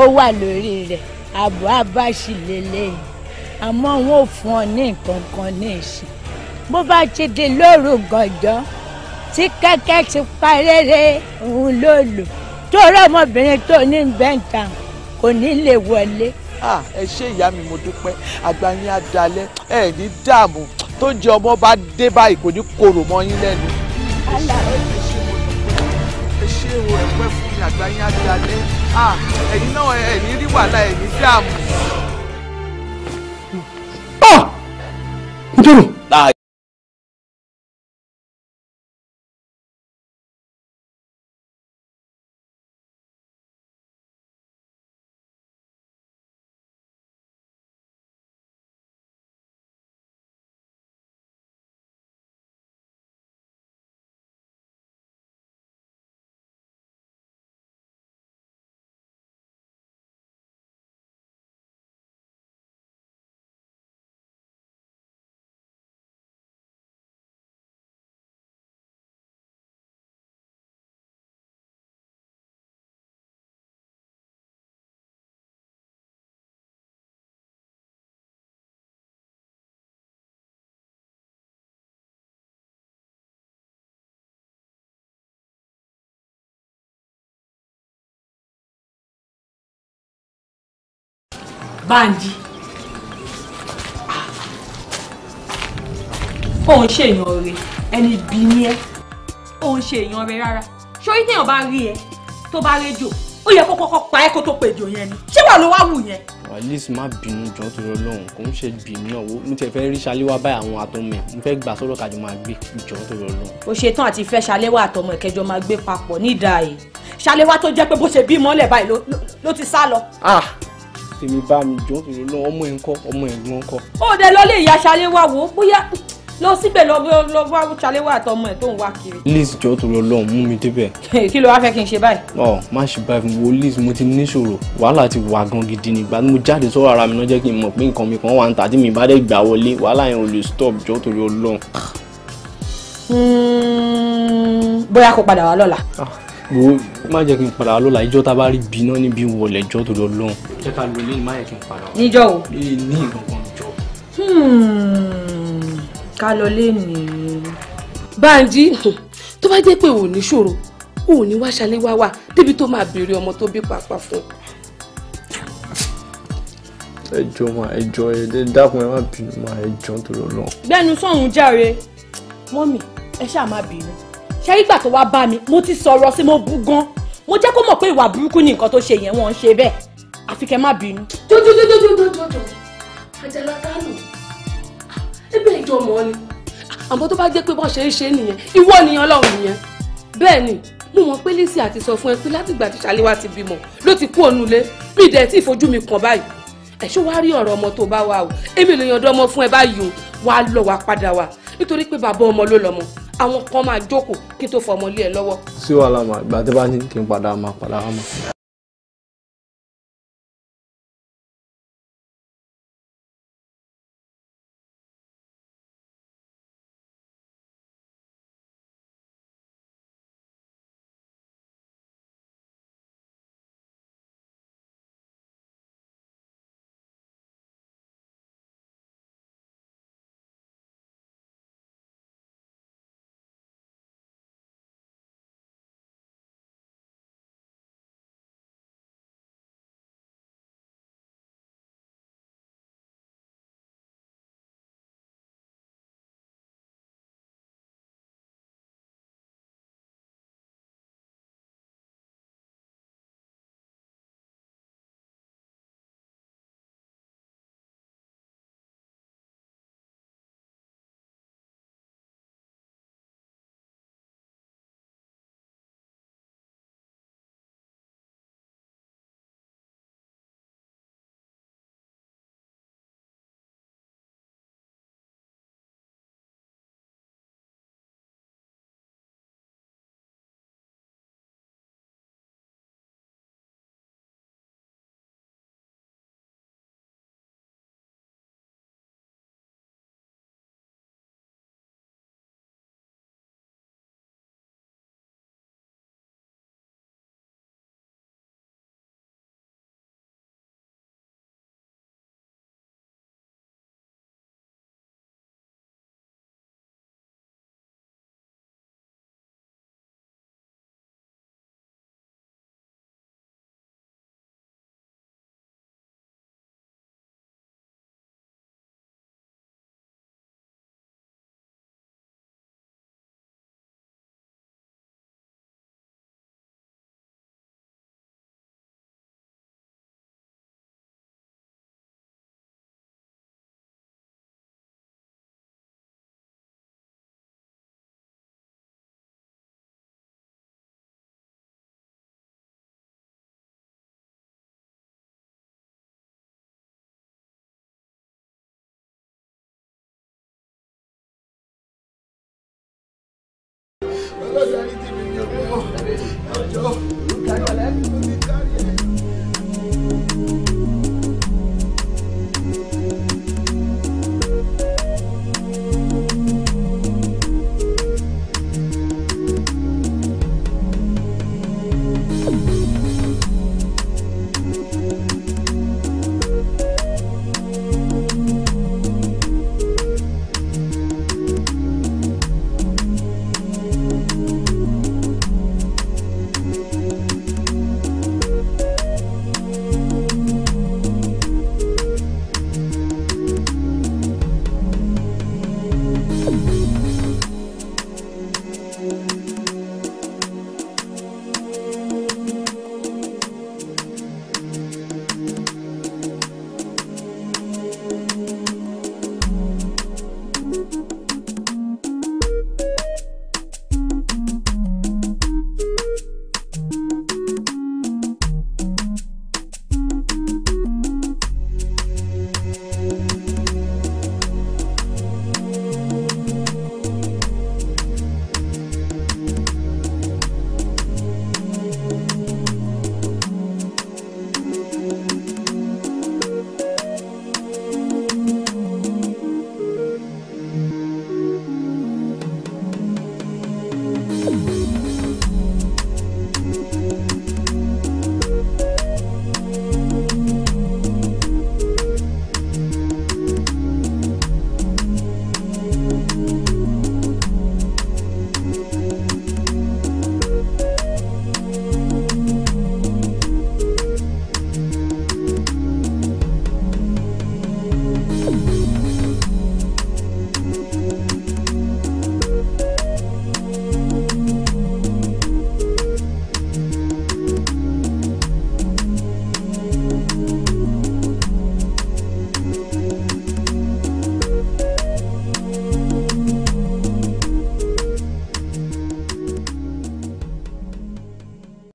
ó wà lórí rẹ̀ àbọ̀ abáṣì lélẹ́yìn àmọ́ wọn ò fún ọ ní nǹkan kan ní ìsìn bó bá ti di lóru gànjọ́ tí kẹ́kẹ́ ti parẹ́rẹ́ òun ló lò tó rọ́mọbìnrin tó ní bẹ́ńtà kò ní lè wọlé ẹ ṣé ìyá mi mo dúpẹ́ àgbà yín á dalẹ̀ ẹ ní dààmú tó jẹ ọmọ bá dé báyìí kò ní korò mọ́ yín lẹ́nu. ẹ ṣé o ẹ pẹ́ fún mi àgbà yín á dalẹ̀ náà ẹ ní rí wàhálà ẹ ní dààmú. Ah! ǹjẹ́ mi. Bandi, òun ṣe èèyàn rẹ ẹni bí ní ẹ òun ṣe èèyàn rẹ rárá sórí téèyàn bá rí ẹ tó bá rédíò ó yẹ kó kọ́kọ́ pa ẹ́ kó tó péjọ yẹn ni ṣé wà ló wá wù yẹn. alice má bínú jọ torí Ọlọ́run kò ń ṣe bínú ọwọ́ mo tiẹ̀ fẹ́ rí ṣaléwá báyìí àwọn àtọmọ ẹ̀ mo fẹ́ gbà sọ́dọ̀ kájọ máa gbé jọ torí Ọlọ́run. ó ṣe tán àti fẹ́ ṣaléwá àtọmọ ìkẹjọ máa gbé papọ̀ nídàá yìí ṣaléwá tó jẹ́ pé bó ṣe bí mọ́lẹ̀ báyìí ló ti sá lọ. ah tèmi bá mi jọ nítorí náà ọmọ ẹ̀ ń kọ́ ọmọ ẹ̀ ń kọ́. ó dẹ lọ lé ìyá ṣaléwá wò ó bóyá lọ síbẹ̀ lọ bá ṣaléwá àtọmọ ẹ̀ tó ń wá kiri. Liz jọ torí Ọlọ́run mú mi débẹ̀. kí ló wá fẹ́ kí n ṣe báyìí. ọ má ṣe báyìí fún mi wo Liz mo ti níṣòro wàhálà ti wà gan gidi nígbà tí mo jáde sọ́wọ́ ara mi náà jẹ́ kí n mọ̀ pé nǹkan mi kan wà ń tà tí mi bá dẹ̀ gbà wọlé wàhálà yẹn ò lè stop jọ torí Ọlọ́run. Hmm, bóyá kó padà wá lọ́la. Ah wo má jẹ́ kí n padà lọ́la ìjọ tá a bá rí bi náà níbi wọlé ìjọ tó lọ lọ́hùn. jẹ́ ká lo eléyìí má yẹ kí n padà wá. níjọ́ wo. ní ìgbọ̀ngàn ìjọ. Hmm, ká lọ lé ní. Bánjí tó bá jẹ́ pé ò ní ṣòro ò ní wá ṣalé wá wà débi tó máa béèrè ọmọ tó bí pàápàá fún. ẹ ma mà ẹ dákun ẹ má bínú mà ẹ tó lọ lọ. gbẹnu sọ̀hún jàre mọ́mì ẹ ṣáà má bínú ṣe rí gbà tó wá bá mi mo ti sọ̀rọ̀ sí mo bú gan mo jẹ́ kó mọ̀ pé ìwà burúkú ni nǹkan tó ṣe yẹn wọ́n ń ṣe bẹ́ẹ̀ àfi kẹ́ má bínú. jọjọjọjọjọjọjọ àjàlá kánò ẹ̀bẹ̀ ìjọ mọ ni àmọ́ tó bá jẹ́ pé bọ́n ṣe é ṣe nìyẹn ìwọ nìyẹn Ọlọ́run nìyẹn bẹ́ẹ̀ ni mo mọ̀ pé Lizzy àti sọ fún ẹ pé látìgbà tí Ṣàléwá ti bímọ ló ti kú òun lé mi dẹ̀ tí ìfojú mi kàn báyìí ẹ̀ṣọ́ wá rí ọ̀rọ̀ ọmọ tó bá wà o èmi lè yan ọdọ ọmọ fún ẹ báyìí o wà á lọ wà padà wà nítorí pé bàbá ọmọ ló lọ́mọ àwọn kan máa jókòó kí n tó fọmọ lé ẹ lọ́wọ́. sí wàhálà màá gbà tí kí n padà máa padà wá mọ́.